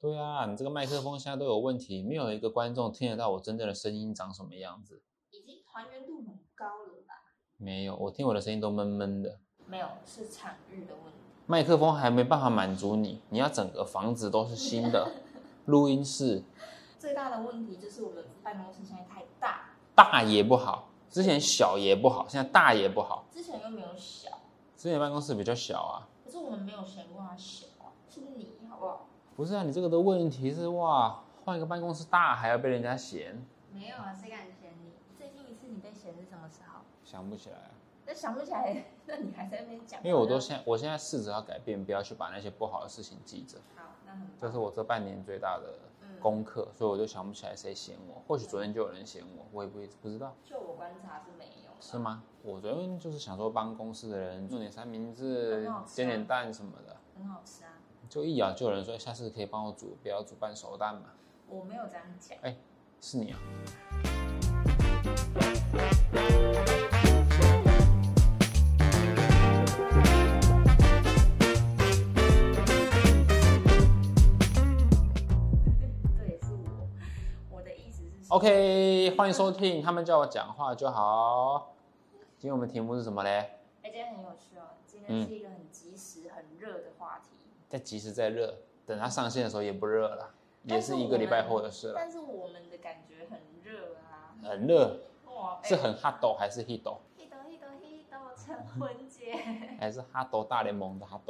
對啊，你這個麥克風現在都有問題，沒有一個觀眾聽得到我真正的聲音長什麼樣子。已經還原度很高了吧？沒有，我聽我的聲音都悶悶的。沒有，是場域的問題。麥克風還沒辦法滿足你，你要整個房子都是新的 錄音室。最大的問題就是我們辦公室現在太大，大也不好，之前小也不好，現在大也不好，之前又沒有小，之前辦公室比較小啊。可是我們沒有嫌過它小啊，是不是你好不好？不是啊，你這個的問題是哇，換一個辦公室大還要被人家嫌。沒有啊，誰敢嫌你？最近一次你被嫌是什麼時候？想不起來啊。那想不起來，那你還在那邊講？因為我都現，我現在試着要改變，不要去把那些不好的事情記着。好，那很好。這是我這半年最大的功課，嗯，所以我就想不起來誰嫌我。嗯、或許昨天就有人嫌我，我也不不知道。就我觀察是沒有。是嗎？我昨天就是想說辦公室的人做點三明治，煎、嗯啊、點蛋什麼的，很好吃啊。就一咬就有人說，下次可以幫我煮，不要煮半熟蛋嘛。我沒有這樣講。哎，是你啊。對，是 我樂。我的意思是。OK，歡迎收聽， 他們叫我講話就好。今天我們的題目是什麼嘞？哎、欸，今天很有趣哦，今天是一個很及時、嗯、很熱的。再即使再熱，等它上線的時候也不熱了，也是一個禮拜後的事了。但是我們的感覺很熱啊！很熱，哇！是很 hot 還是 heat 堵？heat 堵 heat 堵 heat 堵，成婚節。還是 hot 大聯盟的 hot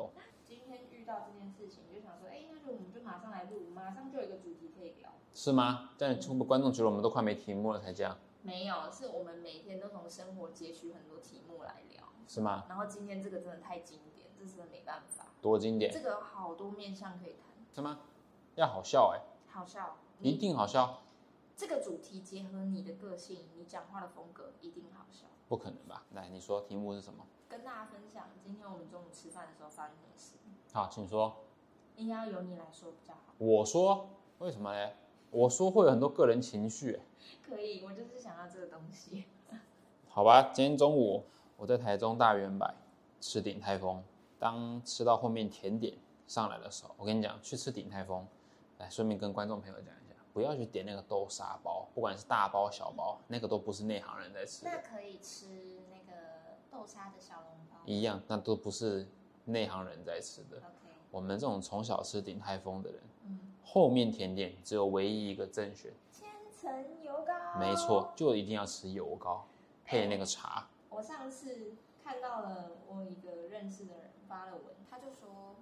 今天遇到這件事情，就想說，哎，那就我們就馬上來錄，馬上就有一個主題可以聊。是嗎？這樣衝觀眾覺得我們都快沒題目了才這樣？沒有，是我們每天都從生活截取很多題目來聊。是嗎？然後今天這個真的太精。的沒辦法，多經典！這個好多面向可以談。什麼？要好笑哎、欸！好笑，一定好笑。這個主題結合你的個性，你講話的風格一定好笑。不可能吧？來，你說，題目是什麼？跟大家分享，今天我們中午吃飯的時候發生的事。好，請說。應該要由你來說比較好。我說，為什麼呢？我說會有很多個人情緒、欸。可以，我就是想要這個東西。 好吧，今天中午我在台中大遠百吃鼎泰豐。當吃到後面甜點上來的時候，我跟你講，去吃鼎泰豐。來，順便跟觀眾朋友講一下，不要去點那個豆沙包，不管是大包小包，嗯、那個都不是內行人在吃的。那可以吃那個豆沙的小籠包。一樣，那都不是內行人在吃的。OK、嗯。我們這種從小吃鼎泰豐的人、嗯，後面甜點只有唯一一個正選，千層油糕。沒錯，就一定要吃油糕，配那個茶。哎、我上次看到了，我一個認識的人。發了文，他就說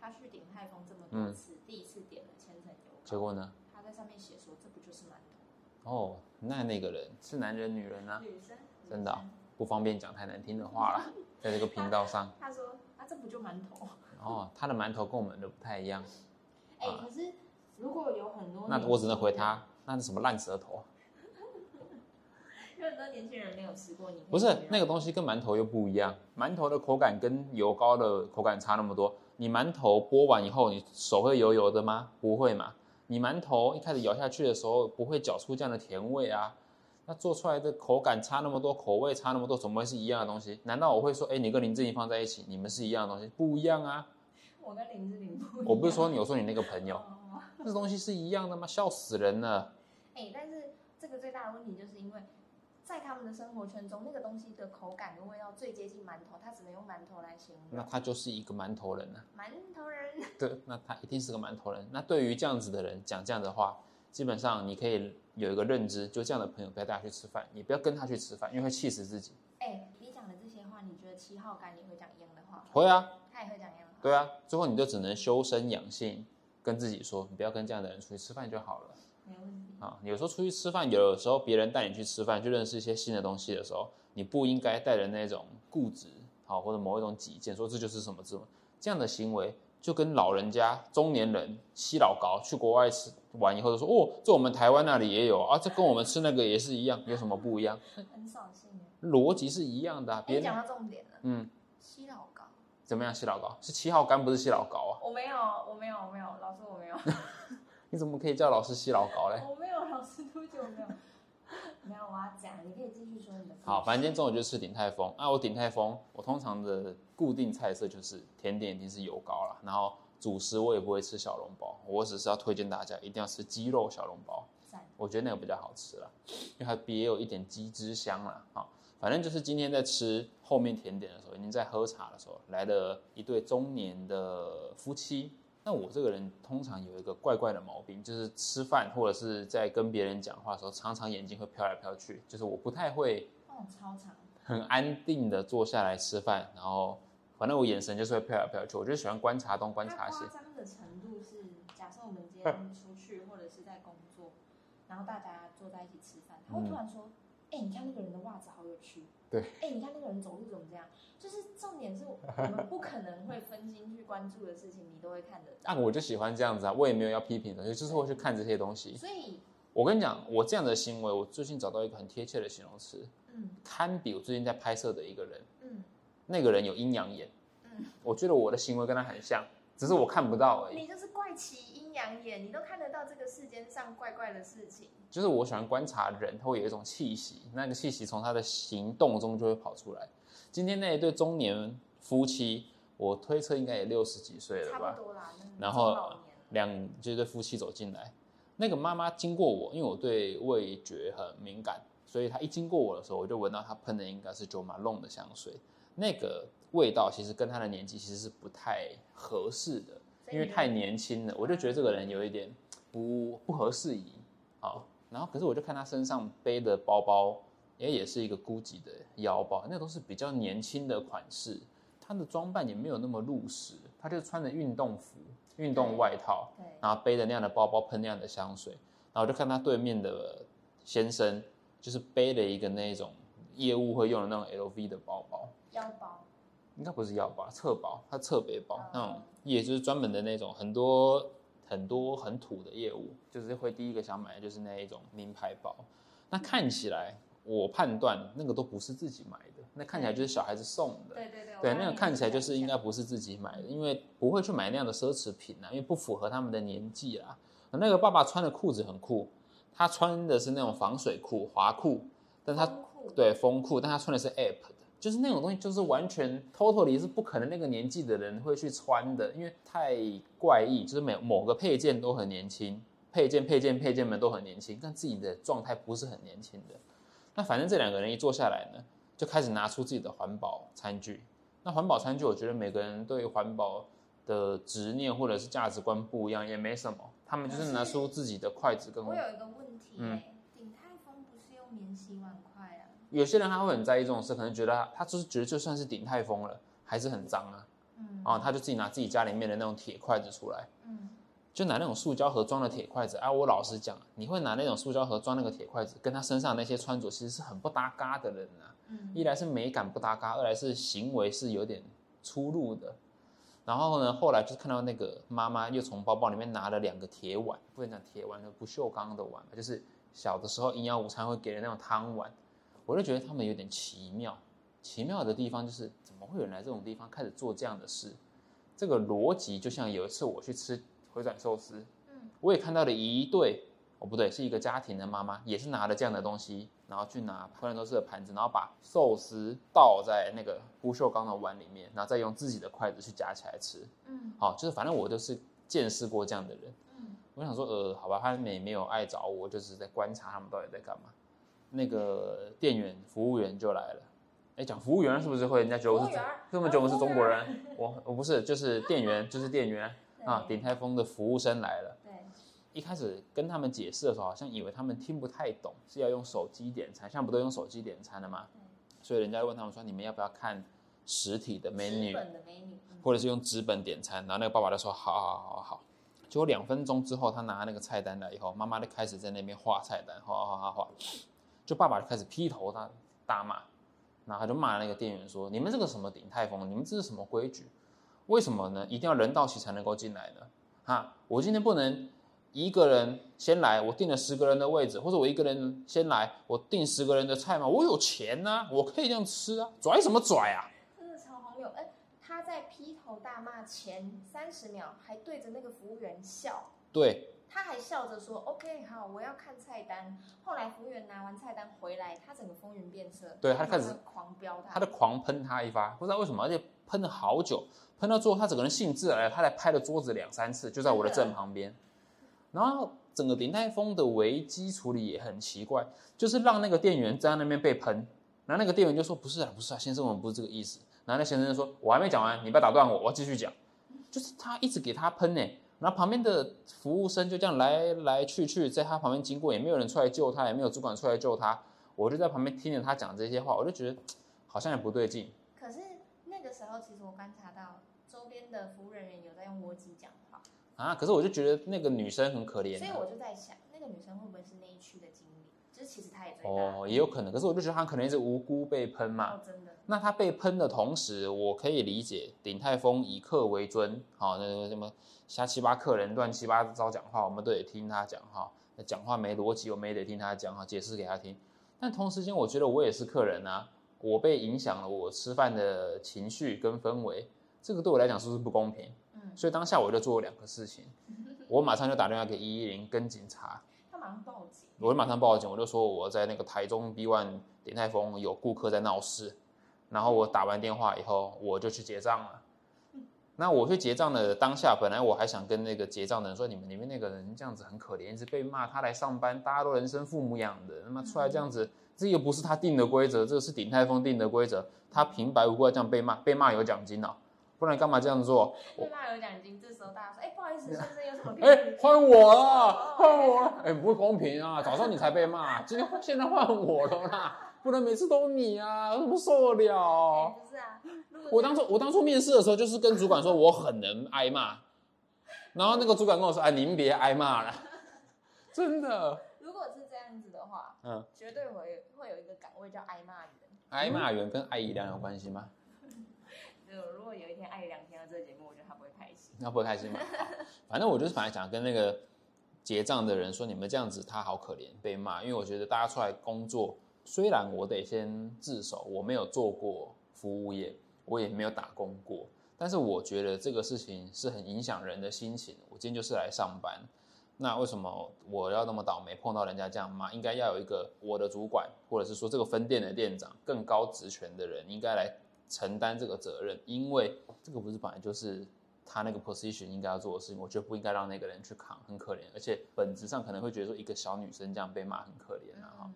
他去鼎泰豐這麼多次、嗯，第一次點了千層油。結果呢？他在上面寫說，這不就是饅頭？哦，那那個人是男人女人呢、啊？女生真的、哦、生不方便講太難聽的話了，在這個頻道上，他，他說啊，這不就饅頭？哦，他的饅頭跟我們的不太一樣。哎、欸啊，可是如果有很多，那我只能回他，啊、那是什麼爛舌頭？很多年輕人沒有吃過，你不是那個東西跟饅頭又不一樣，饅頭的口感跟油糕的口感差那麼多。你饅頭剝完以後，你手會油油的嗎？不會嘛。你饅頭一開始咬下去的時候，不會嚼出這樣的甜味啊。那做出來的口感差那麼多，口味差那麼多，怎麼會是一樣的東西？難道我會說，哎、欸，你跟林志玲放在一起，你們是一樣的東西？不一樣啊。我跟林志玲不一樣。我不是說，你，我說你那個朋友、哦，那東西是一樣的嗎？笑死人了。哎、欸，但是這個最大的問題就是因為。在他們的生活圈中，那個東西的口感跟味道最接近饅頭，他只能用饅頭來形容。那他就是一個饅頭人啊。饅頭人。對，那他一定是個饅頭人。那對於這樣子的人講這樣的話，基本上你可以有一個認知，就這樣的朋友不要帶他去吃飯，你不要跟他去吃飯，因為會氣死自己。哎、欸，你講的這些話，你覺得七號 g 你會講一樣的話？會啊，他也會講一樣的話。對啊，最後你就只能修身養性，跟自己說，你不要跟這樣的人出去吃飯就好了。沒有問題啊。有時候出去吃飯，有的時候別人帶你去吃飯，去認識一些新的東西的時候，你不應該帶着那種固執，好、啊、或者某一種己見，說這就是什麼什麼這樣的行為，就跟老人家中年人西老高去國外吃完以後就說，說哦，這我們台灣那裡也有啊，這跟我們吃那個也是一樣， 有什麼不一樣？很掃興、啊。」邏輯是一樣的、啊。別、哎、講到重點了。嗯。西老高。怎麼樣？西老高是七號肝，不是西老高啊。我沒有，我沒有，我沒有，老師我沒有。 你怎麼可以叫老師吸老高嘞？我沒有老師多久沒有 沒有我要講，你可以繼續說你的。好，反正今天中午就吃鼎泰豐啊！我鼎泰豐，我通常的固定菜色就是甜點已經是油糕了，然後主食我也不會吃小籠包，我只是要推薦大家一定要吃雞肉小籠包。我覺得那個比較好吃了，因為它別有一點雞汁香了啊！反正就是今天在吃後面甜點的時候，已經在喝茶的時候來了一對中年的夫妻。那我這個人通常有一個怪怪的毛病，就是吃飯或者是在跟別人講話的時候，常常眼睛會飄來飄去，就是我不太會，超長，很安定的坐下來吃飯，然後反正我眼神就是會飄來飄去，我就喜歡觀察東觀察西。誇張的程度是，假設我們今天出去或者是在工作，然後大家坐在一起吃飯，他會突然說：“哎、嗯欸，你看那個人的襪子好有趣。”對，哎、欸，你看那個人走路怎麼這樣。就是重點是，我們不可能會分心去關注的事情，你都會看得到 啊，我就喜歡這樣子啊，我也沒有要批評的，就是會去看這些東西。所以，我跟你講，我這樣的行為，我最近找到一個很貼切的形容詞，嗯，堪比我最近在拍攝的一個人，嗯，那個人有陰陽眼，嗯，我覺得我的行為跟他很像，只是我看不到而、欸、已。你就是怪奇陰陽眼，你都看得到這個世間上怪怪的事情。就是我喜歡觀察人，他會有一種氣息，那個氣息從他的行動中就會跑出來。今天那一對中年夫妻，我推測應該也六十幾歲了吧。了然後兩，兩這對夫妻走進來，那個媽媽經過我，因為我對味覺很敏感，所以她一經過我的時候，我就聞到她噴的應該是 Jo Malone 的香水。那個味道其實跟她的年紀其實是不太合適的，因為太年輕了，我就覺得這個人有一點不不合時宜。好，然後，可是我就看她身上背的包包。也也是一個 Gucci 的腰包，那都是比較年輕的款式。他的裝扮也沒有那麼入時，他就穿着運動服、運動外套，對對然後背着那樣的包包，噴那樣的香水。然後就看他對面的先生，就是背了一個那一種業務會用的那種 LV 的包包，腰包，應該不是腰包，側包，他側背包、哦、那種，也就是專門的那種很多很多很土的業務，就是會第一個想買的就是那一種名牌包。那看起來。嗯我判斷那個都不是自己買的，那看起來就是小孩子送的、嗯。對對對，對，那個看起來就是應該不是自己買的，因為不會去買那樣的奢侈品吶、啊，因為不符合他們的年紀啦、啊。那個爸爸穿的褲子很酷，他穿的是那種防水褲、滑褲，但他風對風褲，但他穿的是 APP 的，就是那種東西，就是完全、嗯、totally 是不可能那個年紀的人會去穿的，因為太怪異。就是每某個配件都很年輕，配件、配件、配件們都很年輕，但自己的狀態不是很年輕的。那反正這兩個人一坐下來呢，就開始拿出自己的環保餐具。那環保餐具，我覺得每個人對環保的執念或者是價值觀不一樣，也沒什麼。他們就是拿出自己的筷子跟我，哦。我有一個問題，欸，嗯，鼎泰豐不是用免洗碗筷啊？有些人他會很在意這種事，可能覺得他，他就是覺得就算是鼎泰豐了，還是很髒啊。嗯。啊，他就自己拿自己家裡面的那種鐵筷子出來。嗯。就拿那種塑膠盒裝的鐵筷子，而、啊、我老實講，你會拿那種塑膠盒裝那個鐵筷子，跟他身上那些穿着其實是很不搭嘎的人吶、啊。一來是美感不搭嘎，二來是行為是有點出入的。然後呢，後來就是看到那個媽媽又從包包裡面拿了兩個鐵碗，不能講鐵碗，不鏽鋼的碗，就是小的時候營養午餐會給人那種湯碗。我就覺得他們有點奇妙，奇妙的地方就是，怎麼會有人來這種地方開始做這樣的事？這個邏輯就像有一次我去吃，回轉壽司，我也看到了一對，哦不對，是一個家庭的媽媽，也是拿了這樣的東西，然後去拿回轉壽司的盤子，然後把壽司倒在那個不鏽鋼的碗裡面，然後再用自己的筷子去夾起來吃，嗯，好、哦，就是反正我就是見識過這樣的人，嗯，我想說，呃，好吧，他們沒沒有礙著我，就是在觀察他們到底在幹嘛。那個店員服務員就來了，哎，講服務員是不是會人家覺得我根本就我是中國人，啊、我我不是，就是店員， 就是店員。啊！鼎泰豐的服務生來了。對，一開始跟他們解釋的時候，好像以為他們聽不太懂，是要用手機點餐，現在不都用手機點餐了嗎？所以人家問他們說：“你們要不要看實體的美女，紙本的美女，或者是用紙本點餐？”然後那個爸爸就說：“好，好，好，好。”結果兩分鐘之後，他拿那個菜單來以後，媽媽就開始在那邊畫菜單，畫，畫，畫，畫。就爸爸就開始劈頭他大罵，然後他就罵那個店員說：“你們這個什麼鼎泰豐，你們這是什麼規矩？”為什麼呢？一定要人到齊才能夠進來呢？哈，我今天不能一個人先來，我訂了十個人的位置，或者我一個人先來，我訂十個人的菜嗎？我有錢呢、啊，我可以這樣吃啊，拽什麼拽啊？真的，常好友，他在劈頭大罵前三十秒，還對着那個服務員笑，對，他還笑着說，OK，好，我要看菜單。後來服務員拿完菜單回來，他整個風雲變色，對，他開始他狂飆他，他就狂噴他一發，不知道為什麼，而且。噴了好久，噴到最後他整個人興致來了，他才拍了桌子兩三次，就在我的正旁邊。然後整個鼎泰豐的危機處理也很奇怪，就是讓那個店員在那邊被噴，然後那個店員就說：“不是啊，不是啊，先生，我們不是這個意思。”然後那個先生就說：“我還沒講完，你不要打斷我，我要繼續講。”就是他一直給他噴呢、欸，然後旁邊的服務生就這樣來來去去在他旁邊經過，也沒有人出來救他，也沒有主管出來救他。我就在旁邊聽着他講這些話，我就覺得好像也不對勁，的時候，其實我觀察到周邊的服務人員有在用邏輯講話啊，可是我就覺得那個女生很可憐、啊，所以我就在想，那個女生會不會是那一區的經理？就是、其實她也在打。哦，也有可能，可是我就覺得她可能是無辜被噴嘛、哦。那她被噴的同時，我可以理解鼎泰豐以客為尊，好、哦，那什麼瞎七八客人亂七八糟講話，我們都得聽他講哈。那講話沒邏輯，我們也得聽他講哈，解釋給他聽。但同時間，我覺得我也是客人啊。我被影響了，我吃飯的情緒跟氛圍，這個對我來講是不是不公平？嗯，所以當下我就做了兩個事情，我馬上就打電話給一一零跟警察，他馬上報警，我就馬上報警，我就說我在那個台中 B1 鼎泰豐有顧客在鬧事，然後我打完電話以後我就去結賬了，嗯。那我去結賬的當下，本來我還想跟那個結賬的人說，你們裡面那個人這樣子很可憐，一直被罵，他來上班，大家都人生父母養的，那麼出來這樣子。嗯嗯這個不是他定的規則，這個、是鼎泰豐定的規則。他平白無故要這樣被罵，被罵有獎金哦。不然幹嘛這樣做？被罵有獎金，這時候大家說：“哎，不好意思，先生，有什麼？”哎，換我了，哦、換我了！哦、哎，哎，不公平啊！ 早上你才被罵，今天現在換我了啦，不能每次都你啊，怎麼受得了？不、哎、是啊，我當初我當初面試的時候，就是跟主管說我很能挨罵， 然後那個主管跟我說：“哎，您別挨罵了，真的。”嗯，絕對會會有一個崗位叫挨罵員。挨罵員跟愛姨娘有關係嗎？ 如果有一天愛姨娘聽到這個節目，我覺得她不會開心。她不會開心嗎？ 反正我就是，反而想跟那個結賬的人說，你們這樣子，他好可憐，被罵。因為我覺得大家出來工作，雖然我得先自首，我沒有做過服務業，我也沒有打工過，但是我覺得這個事情是很影響人的心情。我今天就是來上班。那為什麼我要那麼倒霉，碰到人家這樣罵？應該要有一個我的主管，或者是說這個分店的店長、更高職權的人，應該來承擔這個責任，因為這個不是本來就是他那個 position 應該要做的事情，我覺得不應該讓那個人去扛，很可憐。而且本質上可能會覺得說，一個小女生這樣被罵很可憐了、啊嗯、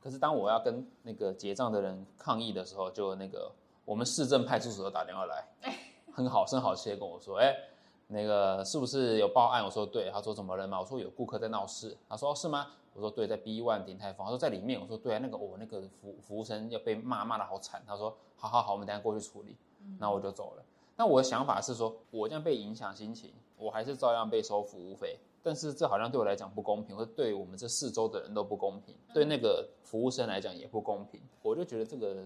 可是當我要跟那個結賬的人抗議的時候，就那個我們市政派出所打電話來， 很好聲好氣的跟我說，哎、欸。那個是不是有報案？我說對，他說怎麼了嘛？我說有顧客在鬧事。他說、哦、是嗎？我說對，在 B one 鼎泰豐。他說在裡面。我說對啊，那個我、哦、那個服服務生要被罵，罵得好慘。他說好好好，我們等下過去處理。那我就走了。那我的想法是說，我這樣被影響心情，我還是照樣被收服務費。但是這好像對我來講不公平，或者對我們這四周的人都不公平。對那個服務生來講也不公平。我就覺得這個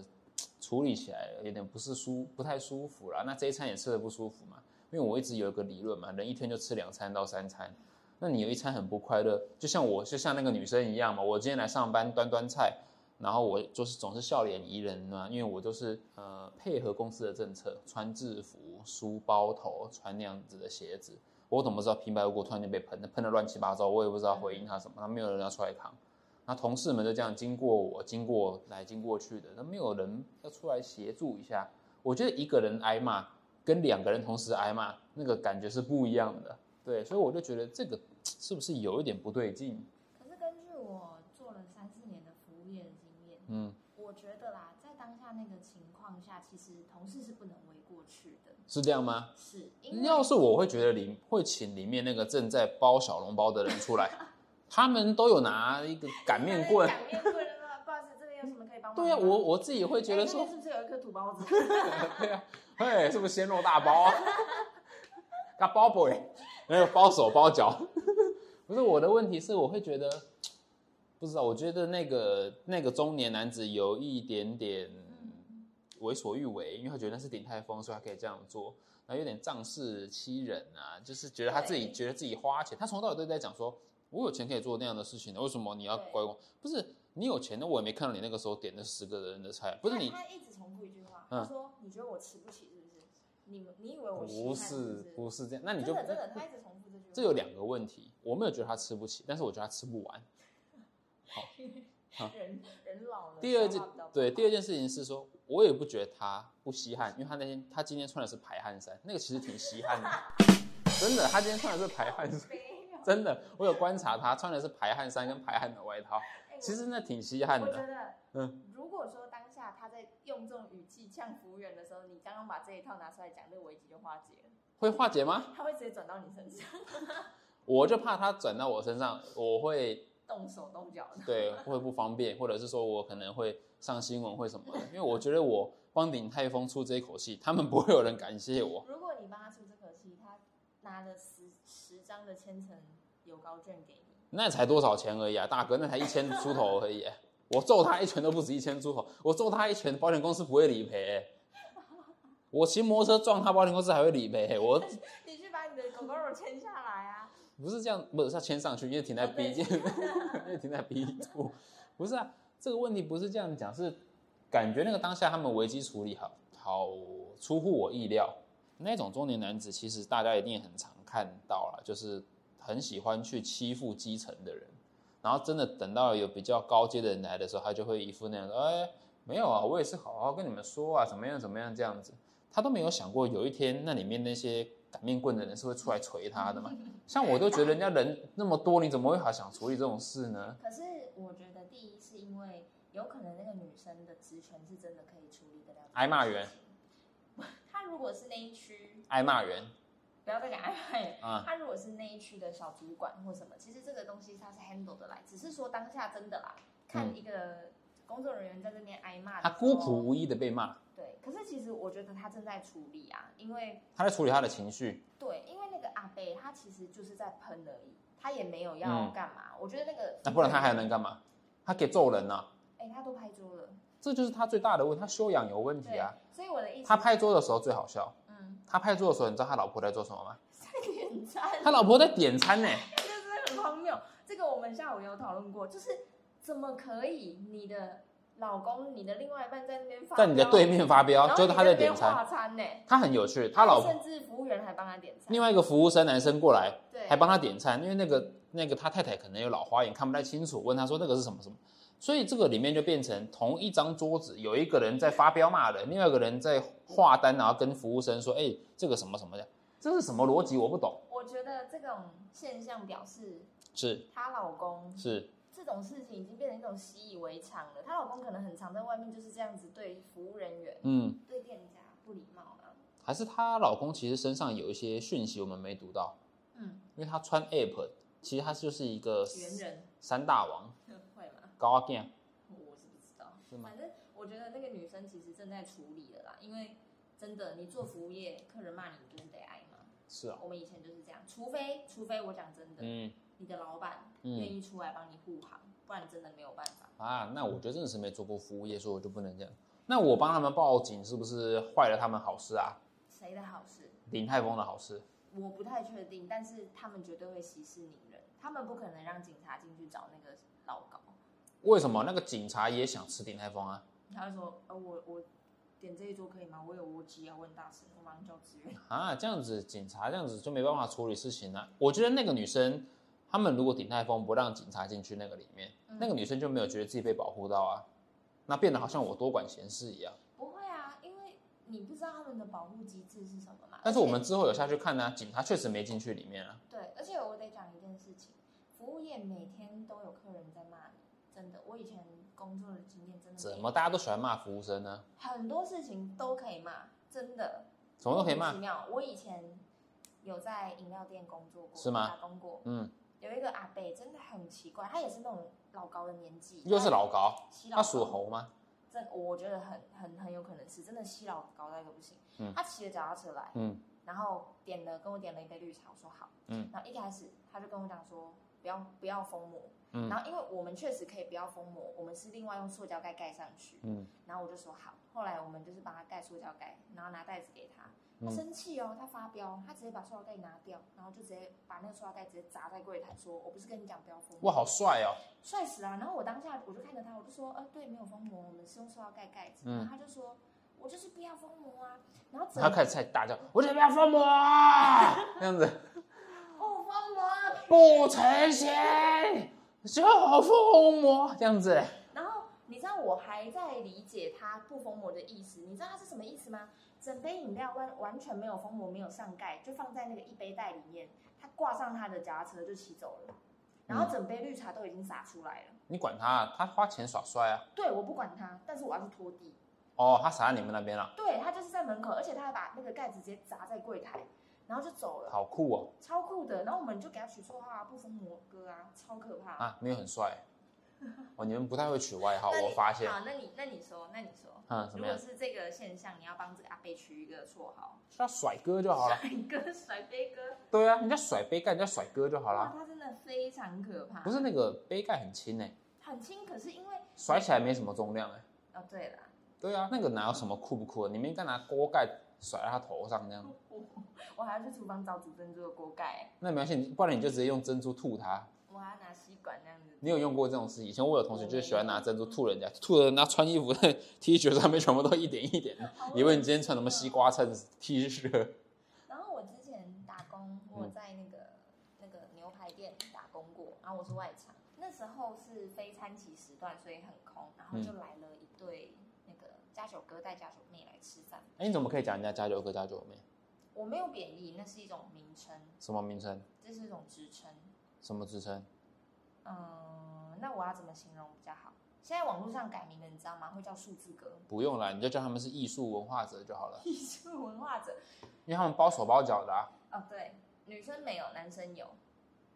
處理起來有點不是舒不太舒服啦。那這一餐也吃得不舒服嘛？因為我一直有一個理論嘛，人一天就吃兩餐到三餐，那你有一餐很不快樂，就像我，就像那個女生一樣嘛。我今天來上班端端菜，然後我就是總是笑臉宜人嘛，因為我就是呃配合公司的政策，穿制服、梳包頭、穿那樣子的鞋子。我，我怎麼知道平白無故突然間被噴，噴得亂七八糟，我也不知道回應他什麼，他沒有人要出來扛。那同事們就這樣經過我，經過來，經過去的，那沒有人要出來協助一下，我覺得一個人挨罵跟兩個人同時挨罵，那個感覺是不一樣的，對，所以我就覺得這個是不是有一點不對勁？可是根據我做了三四年的服務業的經驗，嗯，我覺得啦，在當下那個情況下，其實同事是不能圍過去的，是這樣嗎？是。要是我會覺得裡會請裡面那個正在包小籠包的人出來， 他們都有拿一個擀麵棍。 對啊，我我自己會覺得說，欸、是不是有一顆土包子？ 對啊，嘿，是不是鮮肉大包啊？那 包 boy，有包手包腳， 不是我的問題，是我會覺得，不知道，我覺得那個那個中年男子有一點點為所欲為，因為他覺得那是鼎泰豐，所以他可以這樣做，然後有點仗勢欺人啊，就是覺得他自己覺得自己花錢，他從頭到尾都在講說，我有錢可以做那樣的事情的，為什麼你要怪我？不是。你有錢，那我也沒看到你那個時候點的十個人的菜，不是你。他，他一直重複一句話，嗯、他說：“你覺得我吃不起是不是？你，你以為我吃不起是不是不是，不是這樣？那你就真的，真的他一直重複這句話，這有兩個問題，我沒有覺得他吃不起，但是我覺得他吃不完。好，啊、人人老了。第二件對，第二件事情是說，我也不覺得他不稀罕，因為他那天他今天穿的是排汗衫，那個其實挺稀罕的。 真的，他今天穿的是排汗衫可可真的，我有觀察他穿的是排汗衫跟排汗的外套。”其實那挺稀罕的。我覺得，嗯，如果說當下他在用這種語氣嗆服務員的時候，你剛剛把這一套拿出來講，這個危機就化解了。會化解嗎？他會直接轉到你身上。 我就怕他轉到我身上，我會動手動腳的。對，會不方便，或者是說我可能會上新聞，會什麼的？ 因為我覺得我幫鼎泰豐出這一口氣，他們不會有人感謝我。如果你幫他出這口氣，他拿了十十張的千層油糕券給你。那才多少錢而已啊，大哥，那才一千出頭而已，啊。我揍他一拳都不止一千出頭，我揍他一拳，保險公司不會理賠，欸。我騎摩托車撞他，保險公司還會理賠，欸。我，你去把你的狗狗牽下來啊。不是這樣，不是他牽上去，因為停在 B 鍵，因為停在 B 柱。不是啊，這個問題不是這樣講，是感覺那個當下他們危機處理好，好出乎我意料。那種中年男子，其實大家一定很常看到了，就是。很喜歡去欺負基層的人，然後真的等到有比較高階的人來的時候，他就會一副那樣說：“哎，沒有啊，我也是好好跟你們說啊，怎麼樣怎麼樣這樣子。”他都沒有想過有一天那裡面那些擀麵棍的人是會出來捶他的嘛？ 像我都覺得人家人那麼多，你怎麼會還想處理這種事呢？可是我覺得第一是因為有可能那個女生的職權是真的可以處理得了這，挨罵人。他如果是那一區，挨罵人。不要再講阿貝。啊。他如果是那一區的小主管或什麼，其實這個東西他是 handle 的來，只是說當下真的啦，看一個工作人員在這邊挨罵、嗯。他孤苦無依的被罵。對。可是其實我覺得他正在處理啊，因為他在處理他的情緒。對，因為那個阿伯他其實就是在噴而已，他也沒有要幹嘛。嗯、我覺得那個。那、啊、不然他還能幹嘛？他給揍人呢？、啊。哎，他都拍桌了。這就是他最大的問題，他修養有問題啊。所以我的意思、就是，他拍桌的時候最好笑。他派出所，你知道他老婆在做什麼嗎？在點餐。他老婆在點餐呢、欸。就 是很荒謬。這個我們下午有討論過，就是怎麼可以？你的老公，你的另外一半在那邊，發飆。在你的對面發飆，就是他在點餐，在餐、欸、他很有趣，他老婆他甚至服務員還幫他點餐。另外一個服務生男生過來，對，還幫他點餐，因為那個那個他太太可能有老花眼，看不太清楚，問他說那個是什麼什麼。所以這個裡面就變成同一張桌子有一個人在發飆罵人，另外一個人在畫單，然後跟服務生說：“哎、欸，這個什麼什麼的，這是什麼邏輯？我不懂。”我覺得這種現象表示是她老公是這種事情已經變成一種習以為常了。她老公可能很常在外面就是這樣子對服務人員嗯對店家不禮貌啊，還是她老公其實身上有一些訊息我們沒讀到嗯，因為他穿 App，其實他就是一個原人三大王。嗯我是不知道是，反正我覺得那個女生其實正在處理了啦，因為真的，你做服務業，嗯、客人罵你，你不是得挨嗎？是啊，我們以前就是這樣，除非除非我講真的，嗯，你的老板願意出來幫你護航，嗯，不然真的沒有辦法。啊，那我覺得真的是沒做過服務業，所以我就不能這樣。那我幫他們報警，是不是壞了他們好事啊？誰的好事？林泰峰的好事？我不太確定，但是他們絕對會息事寧人，他們不可能讓警察進去找那個老高。為什麼那個警察也想吃鼎泰豐啊？他就說：呃，我我點這一桌可以嗎？我有危機要問大師，我馬上叫資源。啊，這樣子警察這樣子就沒辦法處理事情了、啊。我覺得那個女生，他們如果鼎泰豐不讓警察進去那個裡面、嗯，那個女生就沒有覺得自己被保護到啊。那變得好像我多管閒事一樣。不會啊，因為你不知道他們的保護機制是什麼嘛。但是我們之後有下去看呢、啊，警察確實沒進去裡面啊。對，而且我得講一件事情，服務業每天都有客人在。真的，我以前工作的經驗真的。怎麼大家都喜歡罵服務生呢、啊？很多事情都可以罵，真的。什麼都可以罵。奇妙，我以前有在飲料店工作過，是嗎？打工過，嗯。有一個阿伯真的很奇怪，他也是那種老高的年紀，又是老高，他屬猴嗎？這個、我覺得很很很有可能是，真的，西老高那個不行。嗯。他騎着腳踏車來，嗯。然後點了跟我點了一杯綠茶，我說好，嗯。然後一開始他就跟我講說，不要不要封膜。嗯、然後，因為我們確實可以不要封膜，我們是另外用塑膠蓋蓋上去。嗯，然後我就說好，後來我們就是幫他蓋塑膠蓋，然後拿袋子給他。他、嗯、生氣哦，他發飆，他直接把塑膠蓋拿掉，然後就直接把那個塑膠蓋直接砸在櫃台，台說，說我不是跟你講不要封膜？我好帥哦，帥死啊！然後我當下我就看着他，我就說，呃，對，沒有封膜，我們是用塑膠蓋蓋子。嗯，然後他就說，我就是不要封膜啊然。然後他開始打大叫，我就不要封膜、啊， 這樣子，不封膜不成型。小好封膜，這樣子、欸，然後你知道我還在理解他不封膜的意思，你知道他是什麼意思嗎？整杯飲料完完全沒有封膜，沒有上蓋，就放在那個一杯袋裡面，他掛上他的機車就騎走了，然後整杯綠茶都已經灑出來了、嗯。你管他，他花錢耍帥啊。對我不管他，但是我要是拖地。哦，他灑在你們那邊了、啊。對他就是在門口，而且他還把那個蓋子直接砸在櫃檯。然後就走了，好酷哦，超酷的。然後我們就給他取綽號啊，不封魔哥啊，超可怕啊。沒、啊、有很帥、欸， 哦，你們不太會取外號，我發現。那你那你說，那你說、嗯麼，如果是這個現象，你要幫這個阿伯取一個綽號，要甩哥就好了。甩哥，甩杯哥。對啊，人家甩杯蓋，人家甩哥就好了。他真的非常可怕。不是那個杯蓋很輕哎、欸，很輕，可是因為、那個、甩起來沒什麼重量哎、欸哦。對了。對啊，那個哪有什麼酷不酷的？你們應該拿鍋蓋甩在他頭上這樣。 我還要去廚房找煮珍珠的鍋蓋、欸。那沒關係，不然你就直接用珍珠吐它。我還要拿吸管那樣子。你有用過這種事？以前我有同學就喜歡拿珍珠吐人家，吐的人家穿衣服的 T 恤上面全部都一點一點的，以為你今天穿什麼西瓜襯 T 恤。然後我之前打工，我在那個、嗯、那個牛排店打工過，然後我是外場。那時候是非餐期時段，所以很空，然後就來了一對那個家酒哥帶家酒妹來吃飯。哎、嗯欸，你怎麼可以講人家家酒哥家酒妹？我沒有貶義，那是一種名稱。什麼名稱？這是一種職稱。什麼職稱？嗯，那我要怎麼形容比較好？現在網絡上改名了，你知道嗎？會叫數字哥。不用了，你就叫他們是藝術文化者就好了。藝術文化者，因為他們包手包腳的啊。哦，對，女生沒有，男生有。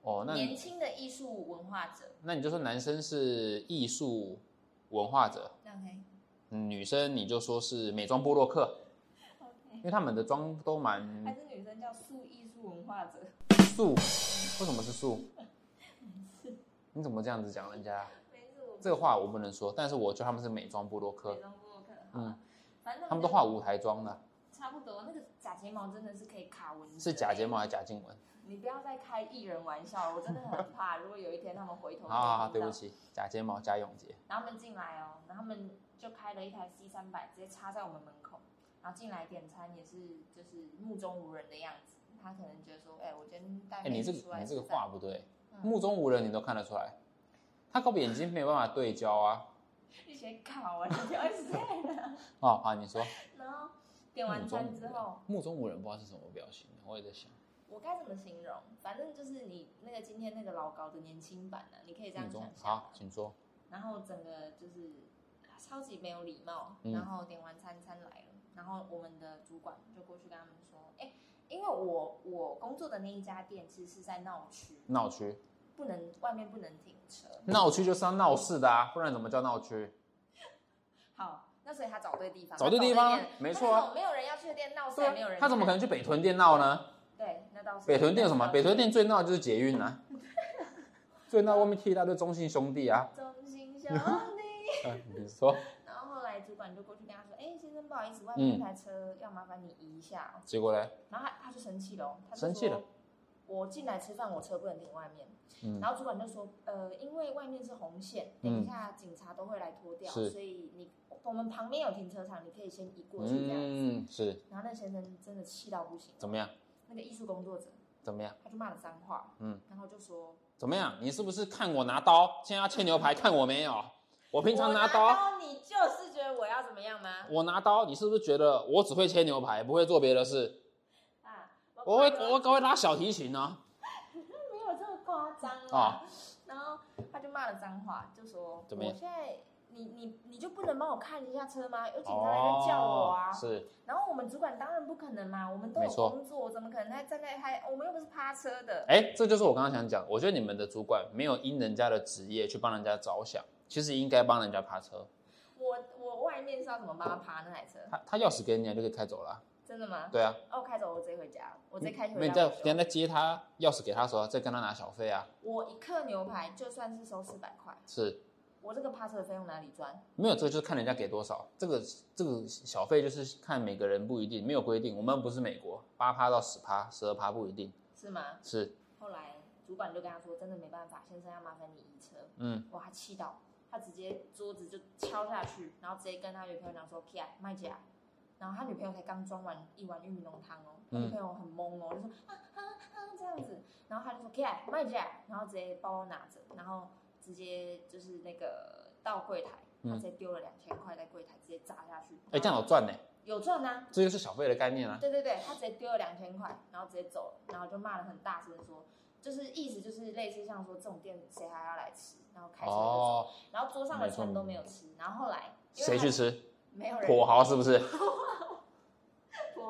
哦，那年輕的藝術文化者，那你就說男生是藝術文化者。OK、嗯。女生你就說是美妝部落客。因為他們的妝都蠻，還是女生叫素藝術文化者。素，為什麼是素？ 是你怎麼這樣子講人家沒錯？這個話我不能說，但是我覺得他們是美妝部落客。美妝部落客，美妝部落客，嗯，反正他們，就是，他們都化舞台妝的。差不多，那個假睫毛真的是可以卡紋。是假睫毛還是假鏡紋？你不要再開藝人玩笑了，我真的很怕。 如果有一天他們回頭，啊，對不起，假睫毛，加永杰。然後他們進來哦，然後他們就開了一台 C300，直接插在我們門口。然後進來點餐也是就是目中無人的樣子，他可能覺得說：“哎、欸，我覺得你出來……哎、欸，你這個你這個話不對，目中無人你都看得出來，嗯、他靠眼睛沒有辦法對焦啊。 哦”一些卡我，你不要笑。哦，你說。然後點完餐之後目，目中無人不知道是什麼表情，我也在想，我該怎麼形容？反正就是你那個今天那個老高的年輕版的、啊，你可以這樣想，想。好，請坐。然後整個就是超級沒有禮貌、嗯，然後點完餐，餐來了。然後我們的主管就過去跟他們說：“哎，因為我我工作的那一家店其實是在鬧區，鬧區不能外面不能停車，鬧區就是要鬧事的啊，不然怎麼叫鬧區？好，那所以他找對地方，找對地方，沒錯、啊、沒有人要去的店鬧事、啊，他怎麼可能去北屯店鬧呢？對，那倒是鬧北屯店有什麼？北屯店最鬧就是捷運啊，啊 最鬧外面踢一大堆中信兄弟啊，中信兄弟、 啊，你說。”主管就過去跟他說：“哎、欸，先生，不好意思，外面那台車要麻煩你移一下。”結果呢？然後他他就生氣了、喔，他就說：“生氣了，我進來吃飯，我車不能停外面。嗯”然後主管就說：“呃，因為外面是紅線，等一下警察都會來拖掉，嗯、所以你我們旁邊有停車場，你可以先移過去。”這樣嗯，是。然後那先生真的氣到不行。怎麼樣？那個藝術工作者怎麼樣？他就罵了髒話，嗯，然後就說：“怎麼樣？你是不是看我拿刀，現在要切牛排，看我沒有？”我平常拿刀,我拿刀，你就是覺得我要怎麼樣嗎？我拿刀，你是不是覺得我只會切牛排，不會做別的事？啊，我,我會，我還會拉小提琴呢、啊。沒有這麼誇張啊、哦。然後他就罵了髒話，就說：“怎麼樣我現在你你你就不能幫我看一下車嗎？有警察來叫我啊。哦”是。然後我們主管當然不可能嘛，我們都有工作，怎麼可能他站在那裡還我們又不是趴車的？哎，這就是我剛剛想講，我覺得你們的主管沒有因人家的職業去幫人家着想。其實應該幫人家趴車，我我外面是要怎麼幫他趴那台車？他他鑰匙給人家、啊、就可以開走了、啊。真的嗎？對啊。那、哦、我開走，我直接回家，我再開車回家。沒有在，剛接他鑰匙給他的時候，再跟他拿小費啊。我一客牛排就算是收四百塊。是。我這個趴車的費用哪裡賺？沒有，這個就是看人家給多少，這個這個小費就是看每個人不一定，沒有規定，我們不是美國，八趴到十趴，十二趴不一定。是嗎？是。後來主管就跟他說：“真的沒辦法，先生要麻煩你移車。”嗯，哇，氣到。他直接桌子就敲下去，然後直接跟他女朋友講說，Kia 賣家，然後他女朋友才剛裝完一碗玉米濃湯哦，他女朋友很懵哦，就說啊啊啊這樣子，然後他就說 Kia 賣家，然後直接包拿着，然後直接就是那個到櫃台，嗯、他直接丟了兩千塊在櫃台直接砸下去，哎這樣有賺呢，有賺吶、啊，這就是小費的概念啊、嗯。對對對，他直接丟了兩千塊，然後直接走了，然後就罵了很大聲說。就是意思就是類似像說這種店，誰還要來吃？然後開車，哦，然後桌上的餐都沒有吃，然後後來誰去吃？沒有人。頗豪是不是？頗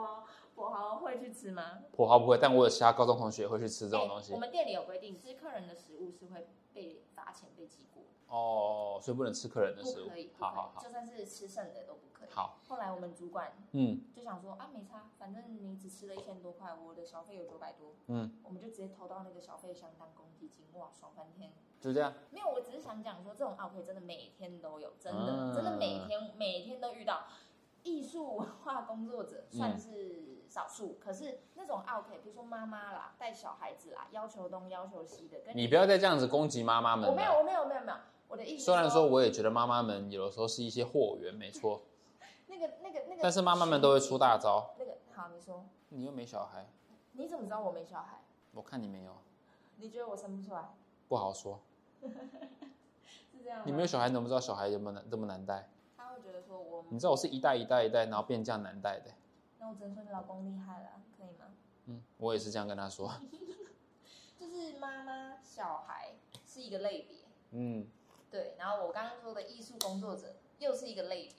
豪，頗豪會去吃嗎？頗豪不會，但我有其他高中同學會去吃這種東西。欸、我們店裡有規定，吃客人的食物是會被罰錢、被記。哦、oh，所以不能吃客人的食物可以，可以，好好好，就算是吃剩的都不可以。好，後來我們主管嗯就想說、嗯、啊，沒差，反正你只吃了一千多塊，我的小費有九百多，嗯，我們就直接投到那個小費箱當公積金。哇，爽翻天！就這樣，沒有，我只是想講說這種奧客真的每天都有，真的、嗯、真的每天每天都遇到，藝術文化工作者算是少數，嗯、可是那種奧客，比如說媽媽啦，帶小孩子啦，要求東要求西的跟你，你不要再這樣子攻擊媽媽們。我沒有，我沒有，沒有，沒有。我的意思雖然說，我也覺得媽媽們有的時候是一些禍源，沒錯。 那個、那個、那個，但是媽媽們都會出大招。那個好，你說。你又沒小孩。你怎麼知道我沒小孩？我看你沒有。你覺得我生不出來？不好說。 是這樣。你沒有小孩，能不能知道小孩有沒有這麼難帶？他會覺得說我，我你知道我是一代一代一代，然後變這樣難帶的。那我只能說你老公厲害了，可以嗎？嗯，我也是這樣跟他說。 就是媽媽、小孩是一個類別。嗯。對，然後我剛剛說的藝術工作者又是一個類別，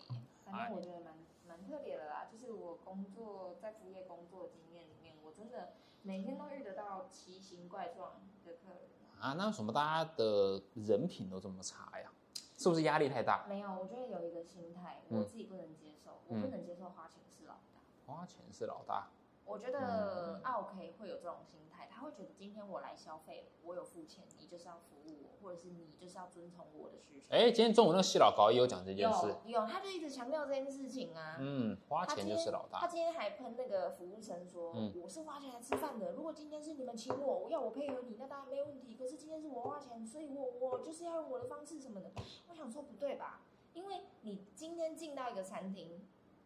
反正我覺得蠻蠻特別的啦。就是我工作在服務業工作經驗裡面，我真的每天都遇得到奇形怪狀的客人啊！那為什麼，大家的人品都這麼差呀？是不是壓力太大？沒有，我覺得有一個心態，我自己不能接受，嗯、我不能接受花錢是老大，花錢是老大。我覺得、嗯啊、OK 會有這種心態。他會覺得今天我來消費，我有付錢，你就是要服務我，或者是你就是要遵從我的需求。哎，今天中午那個謝老高也有講這件事有，有，他就一直強調這件事情啊。嗯，花錢就是老大。他今天，他今天還噴那個服務生說，嗯，我是花錢來吃飯的，如果今天是你們請我，我要我配合你，那當然沒問題。可是今天是我花錢，所以我我就是要用我的方式什麼的。我想說不對吧？因為你今天進到一個餐廳。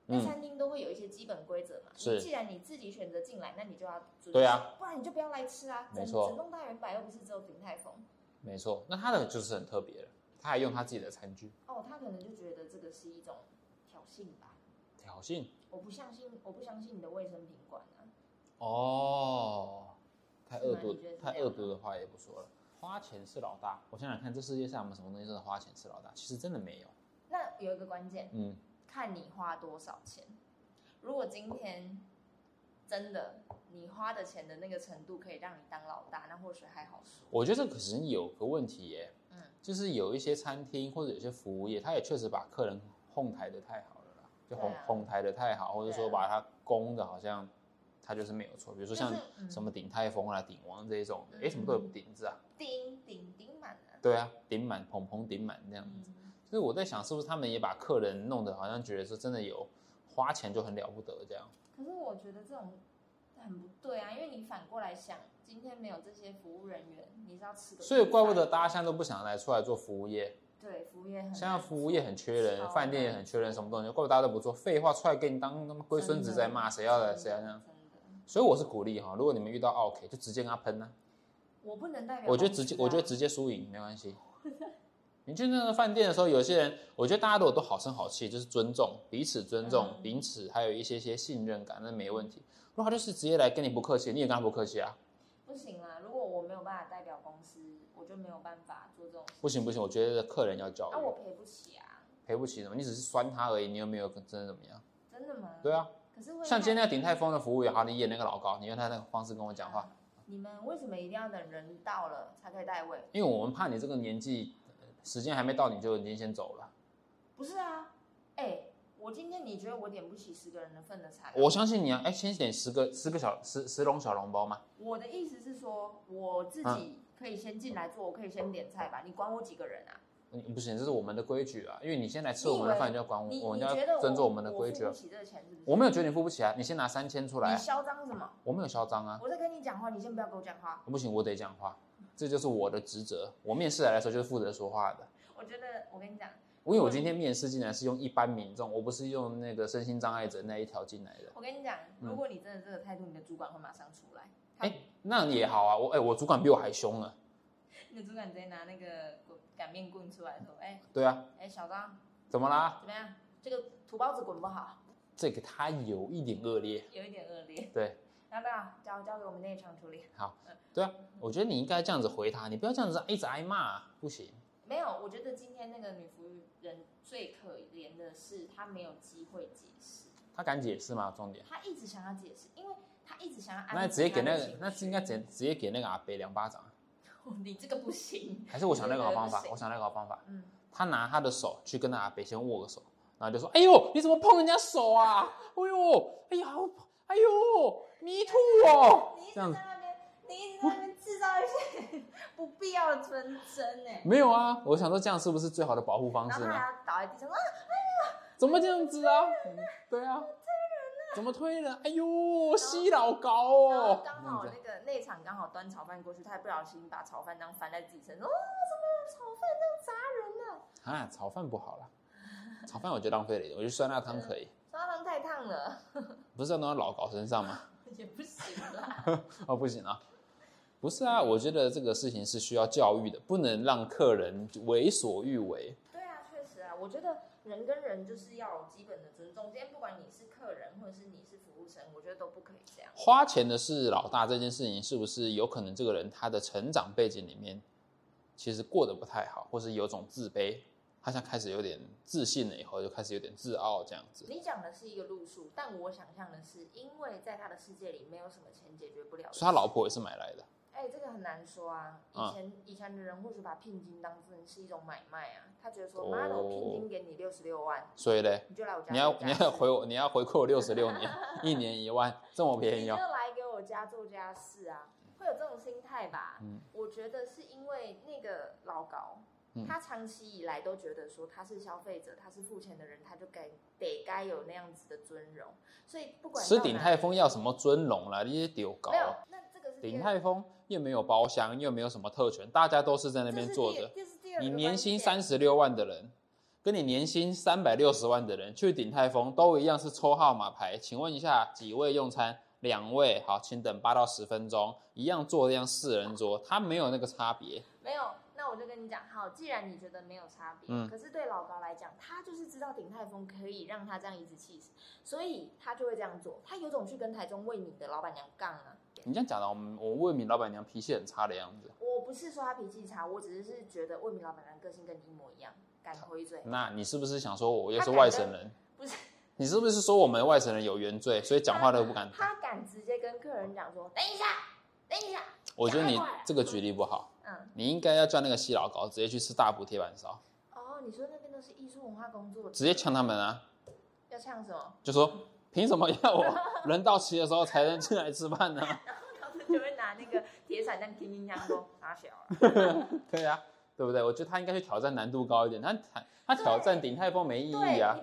那餐廳都會有一些基本規則嘛？是。既然你自己選擇進來，嗯，那你就要遵守。對啊。不然你就不要來吃啊！沒錯。整棟大遠百又不是只有鼎泰豐。沒錯，那他的就是很特別了。他還用他自己的餐具，嗯。哦，他可能就覺得這個是一種挑釁吧。挑釁？我不相信，我不相信你的衛生品管啊。哦。太惡毒！太惡毒的話也不說了。花錢是老大。我想想看這世界上，有沒有什麼東西是花錢是老大？其實真的沒有。那有一個關鍵。嗯。看你花多少錢，如果今天真的你花的錢的那個程度可以讓你當老大，那或許還好。我覺得這可能有個問題耶、欸嗯，就是有一些餐廳或者有些服務業，他也確實把客人哄抬的太好了啦，就哄、啊、哄抬的太好，或者說把它供的好像他就是沒有錯。比如說像什麼鼎泰豐啊、就是嗯、鼎王這一種，哎，什麼都有鼎字啊，鼎鼎鼎滿的，對啊，鼎滿、捧捧鼎滿那樣子。嗯所以我在想，是不是他們也把客人弄得好像覺得說真的有花錢就很了不得這樣？可是我覺得這種很不對啊，因為你反過來想，今天沒有這些服務人員，你是要吃？所以怪不得大家現在都不想來出來做服務業。對，服務業很現在服務業很缺人，人飯店也很缺人，什麼東西，怪不得大家都不做。廢話，出來給你當他媽龜孫子，在罵誰？要來誰要這樣？所以我是鼓勵哈，如果你們遇到奧客，就直接跟他噴呢、啊。我不能代表，我就直接我就直接輸贏沒關係。 你去那個飯店的時候，有些人，我覺得大家都好聲好氣，就是尊重彼此，尊重、嗯、彼此，還有一些些信任感，那沒問題。如果他就是直接來跟你不客氣，你也跟他不客氣啊？不行啊！如果我沒有辦法代表公司，我就沒有辦法做這種。不行不行，我覺得客人要教。那我賠不起啊！賠不起什麼？你只是酸他而已，你又沒有真的怎麼樣？真的嗎？對啊。可是會像今天那個鼎泰豐的服務員、嗯、你演那個老高，你用他那個方式跟我講話、啊。你們為什麼一定要等人到了才可以代位？因為我們怕你這個年紀。時間還沒到你就已經先走了，不是啊，哎、欸，我今天你覺得我點不起十個人的份的菜，我相信你啊，哎、欸，先點十個十個小十十籠小籠包嗎？我的意思是說我自己可以先進來做，我可以先點菜吧，你管我幾個人啊？你、嗯、不行，這是我們的規矩啊，因為你先來吃我們的飯，你就要管我，、啊、我，我們要遵守我們的規矩。我沒有覺得你付不起啊，你先拿三千出來、啊。你囂張什麼？我沒有囂張啊。我在跟你講話，你先不要跟我講話。不行，我得講話。這就是我的職責。我面試來的時候就是負責說話的。我覺得，我跟你講，因為我今天面試進來是用一般民眾，我不是用那個身心障礙者那一條進來的。我跟你講，如果你真的這個態度，嗯、你的主管會馬上出來。哎，那你也好啊，我哎，我主管比我還兇了。你主管直接拿那個擀麵棍出來說，哎，對啊，哎，小張，怎麼啦？怎麼樣？這個土包子滾不好。這個他有一點惡劣。有一點惡劣。對。要不要交交給我們那一場處理？好，對啊，我覺得你應該這樣子回他，你不要這樣子一直挨罵啊，不行。沒有，我覺得今天那個女服務員最可憐的是她沒有機會解釋。她敢解釋嗎？重點。她一直想要解釋，因為她一直想要挨。那直接給那個，那是應該直直接給那個阿北兩巴掌。你這個不行。還是我想那個好方法，我想那個好方法。嗯。她拿她的手去跟那個阿北先握個手，然後就說：“哎呦，你怎麼碰人家手啊？哎呦，哎呀，哎呦。”迷途哦！你一直在那邊，你一直在那邊制造一些不必要的紛爭呢。沒有啊，我想說這樣是不是最好的保護方式呢？然後他要倒在地上，啊，哎呀，怎麼這樣子啊？對啊。怎麼推人呢？怎麼推人？哎呦，吸老高哦、喔！剛好那個內場剛好端炒飯過去，他還不小心把炒飯這樣翻在自己身上，哦，怎麼炒飯這樣砸人呢、啊？啊，炒飯不好了，炒飯我覺得浪費了一點，我覺得酸辣湯可以。嗯、酸辣湯太燙了。不是要弄到老高身上嗎？也不行了 哦，不行了啊。不是啊，我覺得這個事情是需要教育的，不能讓客人為所欲為。對啊，確實啊，我覺得人跟人就是要有基本的尊重。今天不管你是客人，或者是你是服務生，我覺得都不可以這樣。花錢的是老大，這件事情是不是有可能這個人他的成長背景裡面其實過得不太好，或是有種自卑？他像開始有點自信了，以後就開始有點自傲這樣子。你講的是一個路數，但我想象的是，因為在他的世界裡沒有什麼錢解決不了。所以他老婆也是買來的。哎、欸，這個很難說啊。以前、嗯、以前的人或許把聘金當真是一種買賣啊。他覺得說、哦，媽，我聘金給你六十六萬，所以呢，你要你要回我，你要回饋我六十六年， 一年一萬，這麼便宜啊？你就來給我家做家事啊，會有這種心態吧？嗯，我覺得是因為那個老高。他、嗯、長期以來都覺得說他是消費者，他是付錢的人，他就該得該有那樣子的尊榮。所以不管吃鼎泰豐要什麼尊榮了，你也丟高。沒有，那這個是鼎泰豐又沒有包廂，又沒有什麼特權，大家都是在那邊坐着。這是第二。你年薪三十六萬的人、嗯，跟你年薪三百六十萬的人去鼎泰豐都一樣是抽號碼牌。請問一下幾位用餐？兩位，好，請等八到十分鐘，一樣坐這樣四人桌、啊，他沒有那個差別。沒有。我就跟你講，好，既然你覺得沒有差別，嗯，可是對老高來講，他就是知道鼎泰豐可以讓他這樣頤指氣使，所以他就會這樣做。他有種去跟台中味米的老闆娘槓了。你這樣講的，我們我味米老闆娘脾氣很差的樣子。我不是說她脾氣差，我只是是覺得味米老闆娘個性跟你一模一樣，敢推嘴。那你是不是想說我又是外省人？不是，你是不是說我們外省人有原罪，所以講話都不敢？他，他敢直接跟客人講說，等一下，等一下。我覺得你這個舉例不好。嗯你應該要叫那個戲老高直接去吃大埔鐵板燒。哦，你說那邊都是藝術文化工作，直接嗆他們啊！要嗆什麼？就說憑什麼要我人到齊的時候才能進來吃飯呢？ 然後他們就會拿那個鐵鏟在拼命搶，說打小了。 對啊，對不對？我覺得他應該去挑戰難度高一點，他他挑戰頂台風沒意義啊。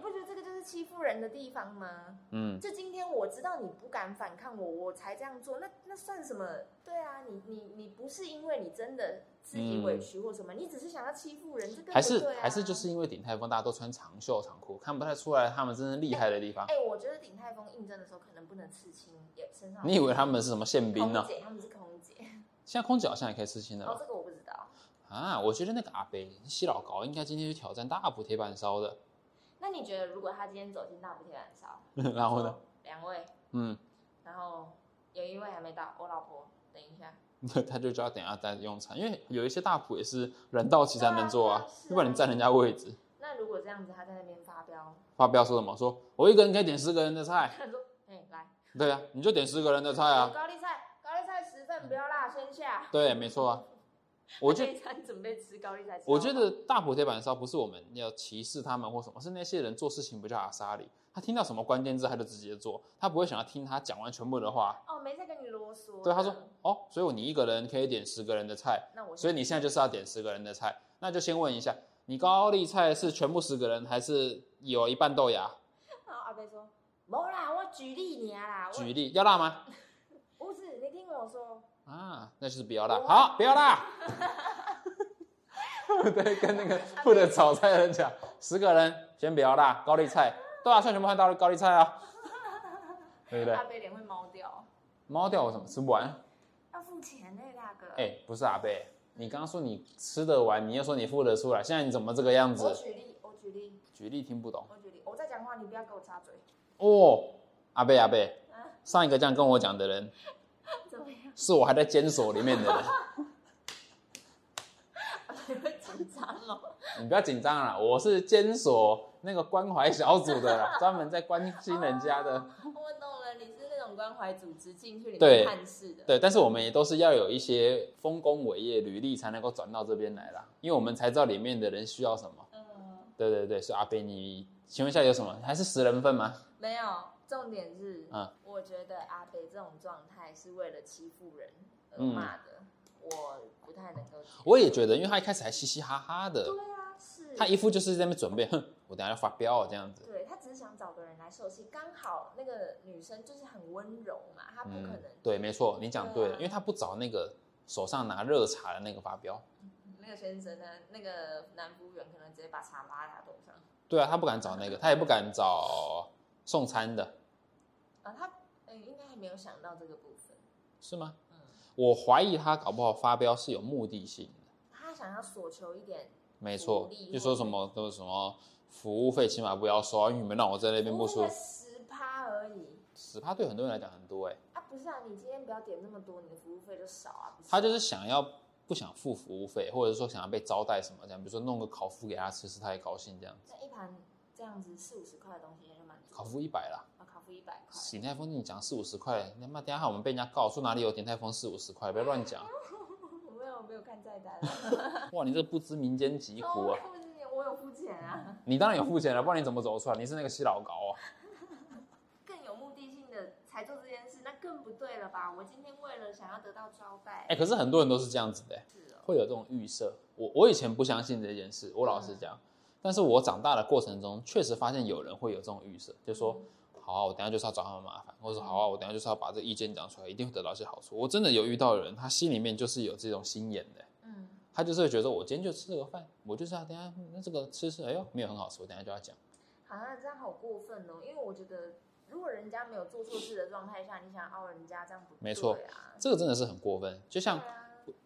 欺負人的地方嗎？嗯，就今天我知道你不敢反抗我，我才這樣做。那那算什麼？對啊，你你你不是因為你真的自己委屈或什麼、嗯，你只是想要欺負人，這個啊。還是還是就是因為鼎泰豐大家都穿長袖長褲，看不太出來他們真正厲害的地方。哎、欸欸，我覺得鼎泰豐應徵的時候可能不能刺青，也身上。你以為他們是什麼憲兵呢空姐？他們是空姐。現在空姐好像也可以刺青的。哦，這個我不知道。啊，我覺得那個阿北吸老高，應該今天去挑戰大補鐵板燒的。那你覺得，如果他今天走進大埔鐵板燒，然 後呢？兩位，嗯，然後有一位還沒到，我老婆，等一下， 他就叫他等下待着用餐，因為有一些大埔也是人到齊才能坐啊，啊啊不然你占人家位置。那如果這樣子，他在那邊發飆。發飆說什麼？說我一個人可以點四個人的菜。哎、 嗯，來，對啊，你就點四個人的菜啊。 高麗菜，高麗菜十份，不要辣，先下。對，沒錯啊。我這餐準備吃高麗菜。我覺得大埔鐵板燒不是我們要歧視他們或什麼，是那些人做事情不叫阿莎里，他聽到什麼關鍵字他就直接做，他不會想要聽他講完全部的話。哦，沒在跟你囉嗦。對，他說，哦，所以我你一個人可以點十個人的菜，所以你現在就是要點十個人的菜，那就先問一下，你高麗菜是全部十個人還是有一半豆芽？阿貝說，沒啦，我舉例你啊啦。舉例，要辣嗎？ 不是，你聽我說。啊，那就是不要啦，好，不要啦。 對，跟那個負責炒菜的人講，十個人先不要啦，高麗菜，對啊，算全部、哦、什麼？換到高麗菜啊？對不對？阿伯臉會貓掉，貓掉我怎麼吃不完？要付錢呢、欸，大哥。哎、欸，不是阿伯，你剛剛說你吃得完，你又說你付得出來，現在你怎麼這個樣子？我舉例，我舉例。舉例聽不懂。我舉例，我在講話，你不要給我插嘴。哦，阿伯，阿伯，上一個這樣跟我講的人。是我還在監所裡面的人，你會緊張哦。你不要緊張了，我是監所那個關懷小組的，專門在關心人家的。我懂了，你是那種關懷組織進去裡面探視的。對，對，但是我們也都是要有一些豐功偉業履歷才能夠轉到這邊來啦，因為我們才知道裡面的人需要什麼。對對對，是阿飛，你請問一下有什麼？還是十人份嗎？沒有。重點是、啊，我覺得阿北這種狀態是為了欺負人而罵的、嗯，我不太能夠。我也覺得，因為他一開始還嘻嘻哈哈的，對啊，是他一副就是在那邊準備，哼，我等下要發飆這樣子。對，他只是想找個人來受氣，剛好那個女生就是很溫柔嘛，她不可能、嗯。對，沒錯，你講對了對、啊，因為他不找那個手上拿熱茶的那個發飆，那個先生呢，那個男服務員可能直接把茶拉在他頭上。對啊，他不敢找那個，他也不敢找送餐的。啊，他哎、欸，應該還沒有想到這個部分，是嗎？嗯，我懷疑他搞不好發飆是有目的性的，他想要索求一點，沒錯，就說什麼都是什麼服務費，起碼不要收啊，因為沒讓我在那邊不舒服，十趴而已，十趴對很多人來講很多哎、欸，啊不是啊，你今天不要點那麼多，你的服務費就少啊，不是啊，他就是想要不想付服務費，或者說想要被招待什麼這樣，比如說弄個烤麩給他吃，是他也高興這樣子，那一盤這樣子四五十塊的東西就蠻，烤麩一百啦。鼎泰豐，你講四五十塊，那等一下我們被人家告訴哪裡有鼎泰豐四五十塊，不要亂講。沒有，沒有看菜單。哇，你這不知民間疾苦啊！我有付錢啊！你當然有付錢了，不然你怎麼走出來？你是那個洗老高啊！更有目的性的才做這件事，那更不對了吧？我今天為了想要得到招待，哎，可是很多人都是這樣子的，是會有這種預設。我我以前不相信這件事，我老實講、嗯，但是我長大的過程中，確實發現有人會有這種預設，就是說。嗯好啊，我等一下就是要找他們麻煩。我說好啊，我等一下就是要把這個意見講出來，一定會得到一些好處。我真的有遇到的人，他心裡面就是有這種心眼的。嗯，他就是覺得我今天就吃這個飯，我就是要等一下那這個吃吃，哎呦沒有很好吃，我等一下就要講。好像、啊、這樣好過分哦。因為我覺得如果人家沒有做錯事的狀態下，你想凹人家這樣不對、啊，沒錯這個真的是很過分。就像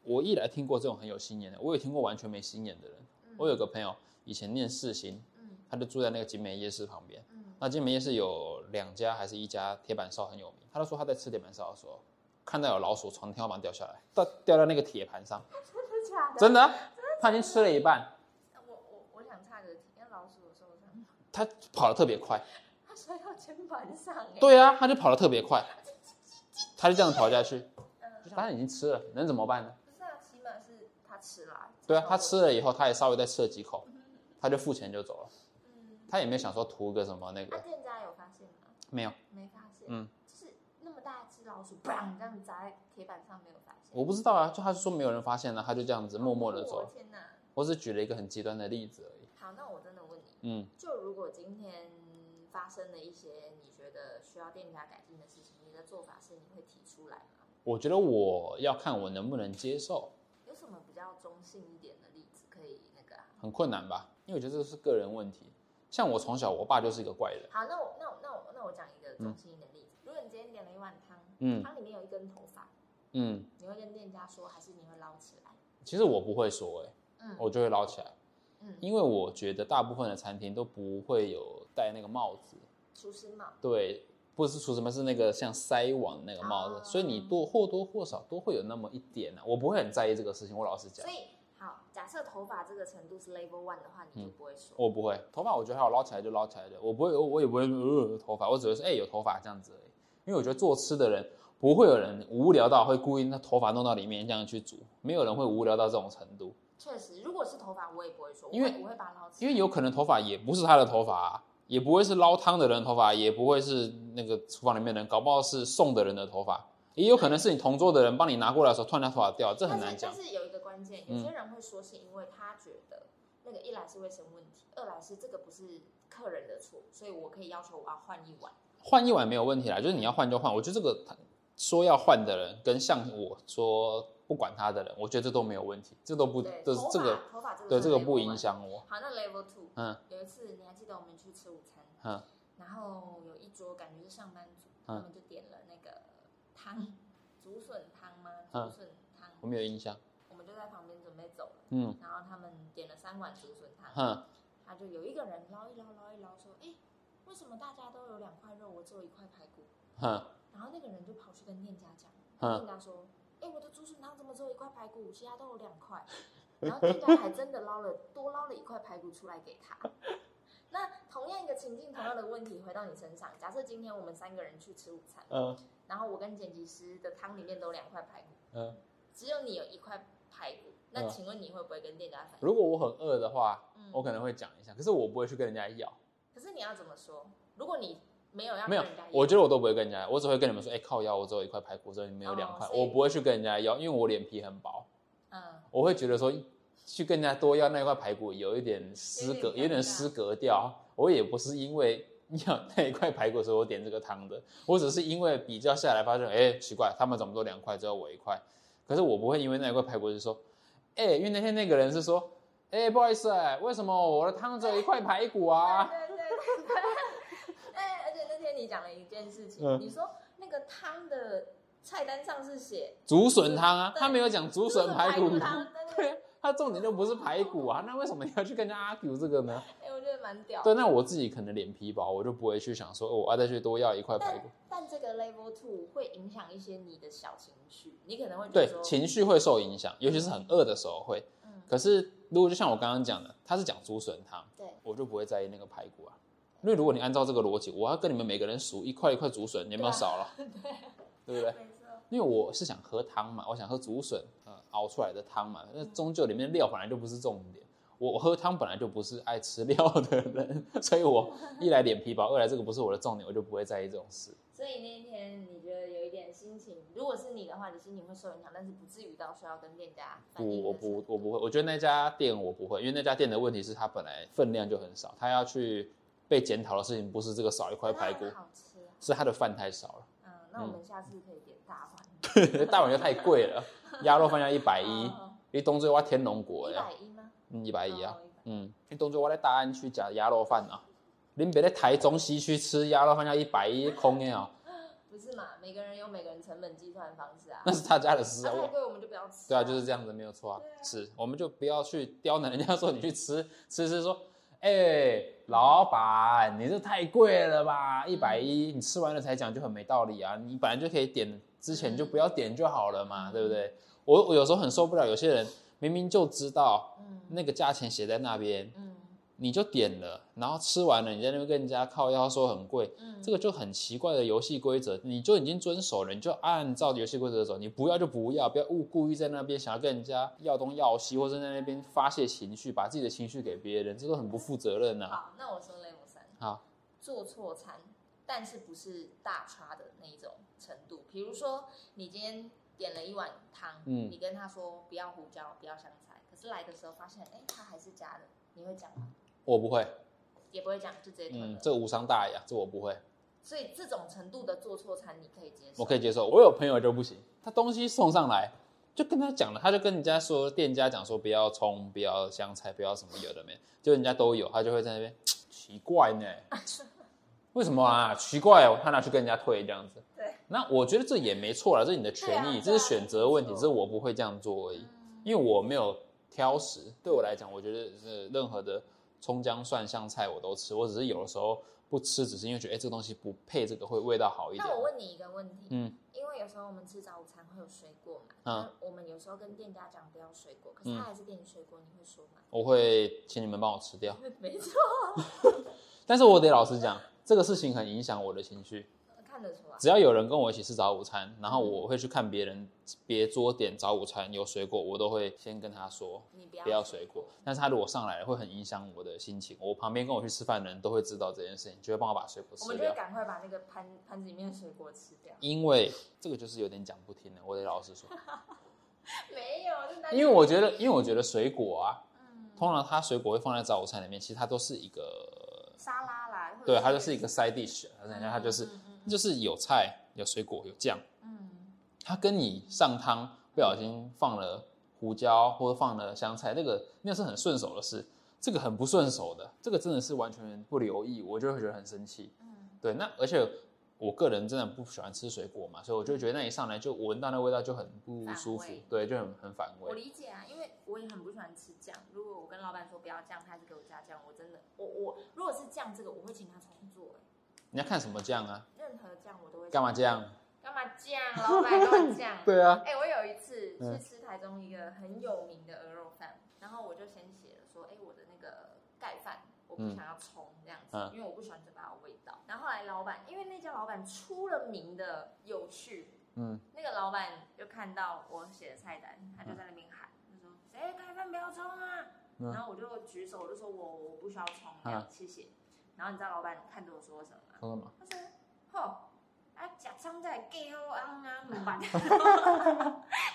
我一來聽過這種很有心眼的，我也聽過完全沒心眼的人。嗯、我有個朋友以前念世新，他就住在那個景美夜市旁邊。那、啊、金門夜市有兩家還是一家鐵板燒很有名，他都說他在吃鐵板燒的時候，看到有老鼠從天花板掉下來，到掉到那個鐵盤上， 真的 他已經吃了一半。我我我想插一句，那老鼠的時候他跑得特別快，他摔到肩膀上、欸。對啊，他就跑得特別快， 他就這樣跑下去、 嗯，他已經吃了，能怎麼辦呢？不是、啊，起碼是他吃了。 對啊，他吃了以後，他也稍微再吃了幾口， 他就付錢就走了。他也沒有想說圖個什麼那個？啊、店家有發現嗎？沒有，沒發現。嗯，就是那麼大只老鼠，砰，這樣子砸在鐵板上，沒有發現。我不知道啊，就他說沒有人發現呢、啊，他就這樣子默默的走。哦、我天哪！我只是舉了一個很極端的例子而已。好，那我真的問你，嗯，就如果今天發生了一些你覺得需要店家改進的事情，你的做法是你會提出來嗎？我覺得我要看我能不能接受。有什麼比較中性一點的例子可以那個、啊？很困難吧，因為我覺得這是個人問題。像我從小，我爸就是一個怪人。好，那我那我那我那我講一個中心的例子，嗯。如果你今天點了一碗湯，嗯，湯裡面有一根頭髮，嗯，你會跟店家說，還是你會撈起來？其實我不會說、欸，哎、嗯，我就會撈起來，嗯，因為我覺得大部分的餐廳都不會有戴那個帽子，廚師帽，對，不是廚師帽，是那個像篩網那個帽子，啊、所以你多或多或少都會有那麼一點、啊、我不會很在意這個事情，我老實講。所以好，假設頭髮這個程度是 level one 的話，你就不會說、嗯，我不會。頭髮我覺得還有撈起來就撈起來的，我不會，我也不會有、呃、頭髮，我只會說哎、欸、有頭髮這樣子而已。因為我覺得做吃的人不會有人無聊到會故意那頭髮弄到裡面這樣去煮，沒有人會無聊到這種程度。確實，如果是頭髮我也不會說，因為我不會把它撈起來。因為有可能頭髮也不是他的頭髮、啊，也不會是撈湯的人的頭髮，也不會是那個廚房裡面的人，搞不好是送的人的頭髮，也有可能是你同桌的人幫你拿過來的時候、嗯、突然他頭髮掉，這很難講。關、嗯、鍵，有些人會說是因為他覺得那個一來是衛生問題，二來是這個不是客人的錯，所以我可以要求我要換一碗，換一碗沒有問題啦。嗯、就是你要換就換，我覺得這個他說要換的人跟像我說不管他的人，我覺得這都沒有問題，這都不，這個頭髮，頭髮這個，這個對，這個不影響我。好，那 level two，嗯，有一次你還記得我們去吃午餐，嗯，然後有一桌感覺是上班族，嗯、他們就點了那個湯，竹筍湯嗎？嗯、竹筍湯，我沒有印象。就在旁邊準備走了，嗯，然後他們點了三碗竹筍湯，哈，他就有一個人撈一撈撈一撈說，哎、欸，為什麼大家都有兩塊肉，我只有一塊排骨，哈，然後那個人就跑去跟店家講，店家說，哎、欸，我的竹筍湯怎麼只有一塊排骨，其他都有兩塊，然後店家還真的撈了 多撈了一塊排骨出來給他。那同樣一個情境，同樣的問題回到你身上，假設今天我們三個人去吃午餐，嗯，然後我跟剪輯師的湯裡面都有兩塊排骨，嗯，只有你有一塊。那請問你會不會跟店家反映？嗯，如果我很餓的話、嗯，我可能會講一下。可是我不會去跟人家要。可是你要怎麼說？如果你沒有要，沒有，我覺得我都不會跟人家，我只會跟你們說，哎、欸，靠，要我只有一塊排骨，只有你們有兩塊，我不會去跟人家要，因為我臉皮很薄。嗯，我會覺得說去跟人家多要那塊排骨有一點失格，有，點，有點失格掉。我也不是因為要那一塊排骨所以我點這個湯的，我只是因為比較下來發現，哎、欸，奇怪，他們怎麼都兩塊，只有我一塊。可是我不會因為那一塊排骨就說。哎、欸，因為那天那個人是說，哎、欸，不好意思、欸，哎，為什麼我的湯只有一塊排骨啊？對對對，哎、 欸，而且那天你講了一件事情，嗯、你說那個湯的菜單上是寫竹筍湯啊，他沒有講竹筍排骨湯，對。 它重點就不是排骨啊，那為什麼你要去跟人家 argue 這個呢？因、欸、我覺得蠻屌的。對，那我自己可能臉皮薄，我就不會去想說，哦、我要再去多要一塊排骨但。但這個 level two 會影響一些你的小情緒，你可能會覺得。對，情緒會受影響，尤其是很餓的時候會、嗯。可是，如果就像我剛剛講的，它是講竹筍湯，對，我就不會在意那個排骨啊，因為如果你按照這個邏輯，我要跟你們每個人數一塊一塊竹筍，你有沒有少了對、啊？對。對不對？沒錯。因為我是想喝湯嘛，我想喝竹筍。熬出來的湯嘛，那終究裡面料本來就不是重點。嗯。我喝湯本來就不是愛吃料的人，所以我一來臉皮薄，二來這個不是我的重點，我就不會在意這種事。所以那天你覺得有一點心情，如果是你的話，你心情會受影響，但是不至於到時候要跟店家。不，我不，我不會。我覺得那家店我不會，因為那家店的問題是他本來分量就很少，他要去被檢討的事情不是這個少一塊排骨好吃，啊，是他的飯太少了。嗯，那我們下次可以點大碗。對，大碗又太貴了。鴨肉飯要一百一，你東區？我天龍國呀，一百一嗎？嗯，一百一啊，oh, oh, 嗯，你東區？我在大安區吃鴨肉飯啊，你別在台中西區吃鴨肉飯要一百一，坑人啊！不是嘛？每個人有每個人成本計算的方式啊。那是他家的事，啊啊。太貴我們就不要吃。對啊，就是這樣子，沒有錯啊，啊。是，我們就不要去刁難人家，說你去吃吃吃，說，哎、欸，老闆，你這太貴了吧？一百一，你吃完了才講就很沒道理啊！你本來就可以點。之前就不要點就好了嘛，嗯、對不對？我我有時候很受不了，有些人明明就知道那個價錢寫在那邊、嗯，你就點了，然後吃完了，你在那邊跟人家靠腰說很貴，嗯，這個就很奇怪的遊戲規則，你就已經遵守了，你就按照遊戲規則走，你不要就不要，不要誤故意在那邊想要跟人家要東要西，嗯、或者在那邊發泄情緒，把自己的情緒給別人，這都很不負責任吶、啊。好，那我說 level 三，好，做錯餐。但是不是大差的那一種程度，比如說你今天點了一碗湯，嗯，你跟他說不要胡椒，不要香菜，可是來的時候發現，哎，他還是加的，你會講嗎？我不會，也不會講，就直接嗯，這無傷大雅，這我不會。所以這種程度的做錯餐，你可以接受？我可以接受，我有朋友就不行，他東西送上來，就跟他講了，他就跟人家說店家講說不要蔥，不要香菜，不要什麼有的沒的， 就人家都有，他就會在那邊奇怪呢。 為什麼啊？奇怪哦，他拿去跟人家退這樣子。對。那我覺得這也沒錯啦，這是你的權益，啊啊、這是選擇問題，只是我不會這樣做而已、嗯。因為我沒有挑食，對我來講，我覺得是任何的蔥薑蒜香菜我都吃，我只是有的時候不吃，只是因為覺得、欸、這個東西不配，這個會味道好一點。那我問你一個問題。嗯。因為有時候我們吃早午餐會有水果嘛。嗯、啊。我們有時候跟店家講不要水果，可是他還是給你水果，你會說嗎？我會請你們幫我吃掉。沒錯。 但是，我得老實講。這個事情很影響我的情緒，看得出來。只要有人跟我一起吃早午餐，然後我會去看別人，別桌點早午餐有水果，我都會先跟他說，你不要不要水果。但是他如果上來了，會很影響我的心情。我旁邊跟我去吃飯的人都會知道這件事情，就會幫我把水果吃掉。我們就趕快把那個盤盤子裡面的水果吃掉，因為這個就是有點講不聽的，我得老實說，沒有，因為我覺得，因為我覺得水果啊，通常它水果會放在早午餐裡面，其實它都是一個沙拉。對，它就是一個 side dish，等下它就是、嗯嗯嗯、就是有菜、有水果、有醬、嗯。它跟你上湯不小心放了胡椒或者放了香菜，這個那是很順手的事，這個很不順手的，這個真的是完全不留意，我就會覺得很生氣、嗯。對，那而且。我個人真的不喜歡吃水果嘛，所以我就覺得那一上來就聞到那味道就很不舒服，對，就很很反胃。我理解啊，因為我也很不喜歡吃醬。如果我跟老闆說不要醬，他就給我加醬，我真的，我我如果是醬這個，我會請他重做。你要看什麼醬啊？任何醬我都會。幹嘛醬？幹嘛醬？老闆都很醬。 對啊。哎、欸，我有一次去吃台中一個很有名的鵝肉飯、嗯，然後我就先寫了說，哎、欸，我的那個蓋飯。我不想要沖這樣子、嗯啊，因為我不喜歡嘴巴的味道。然後後來老板，因為那家老板出了名的有趣。嗯，那個老板就看到我寫的菜單、嗯，他就在那邊喊，他、嗯、說：“誰開飯不要沖啊、嗯！”然後我就舉手，我就說我我不需要沖，這樣謝謝、啊。然後你知道老板看着我說什麼嗎？說、嗯、他說：“吼、嗯，假商在給哦啊、嗯嗯，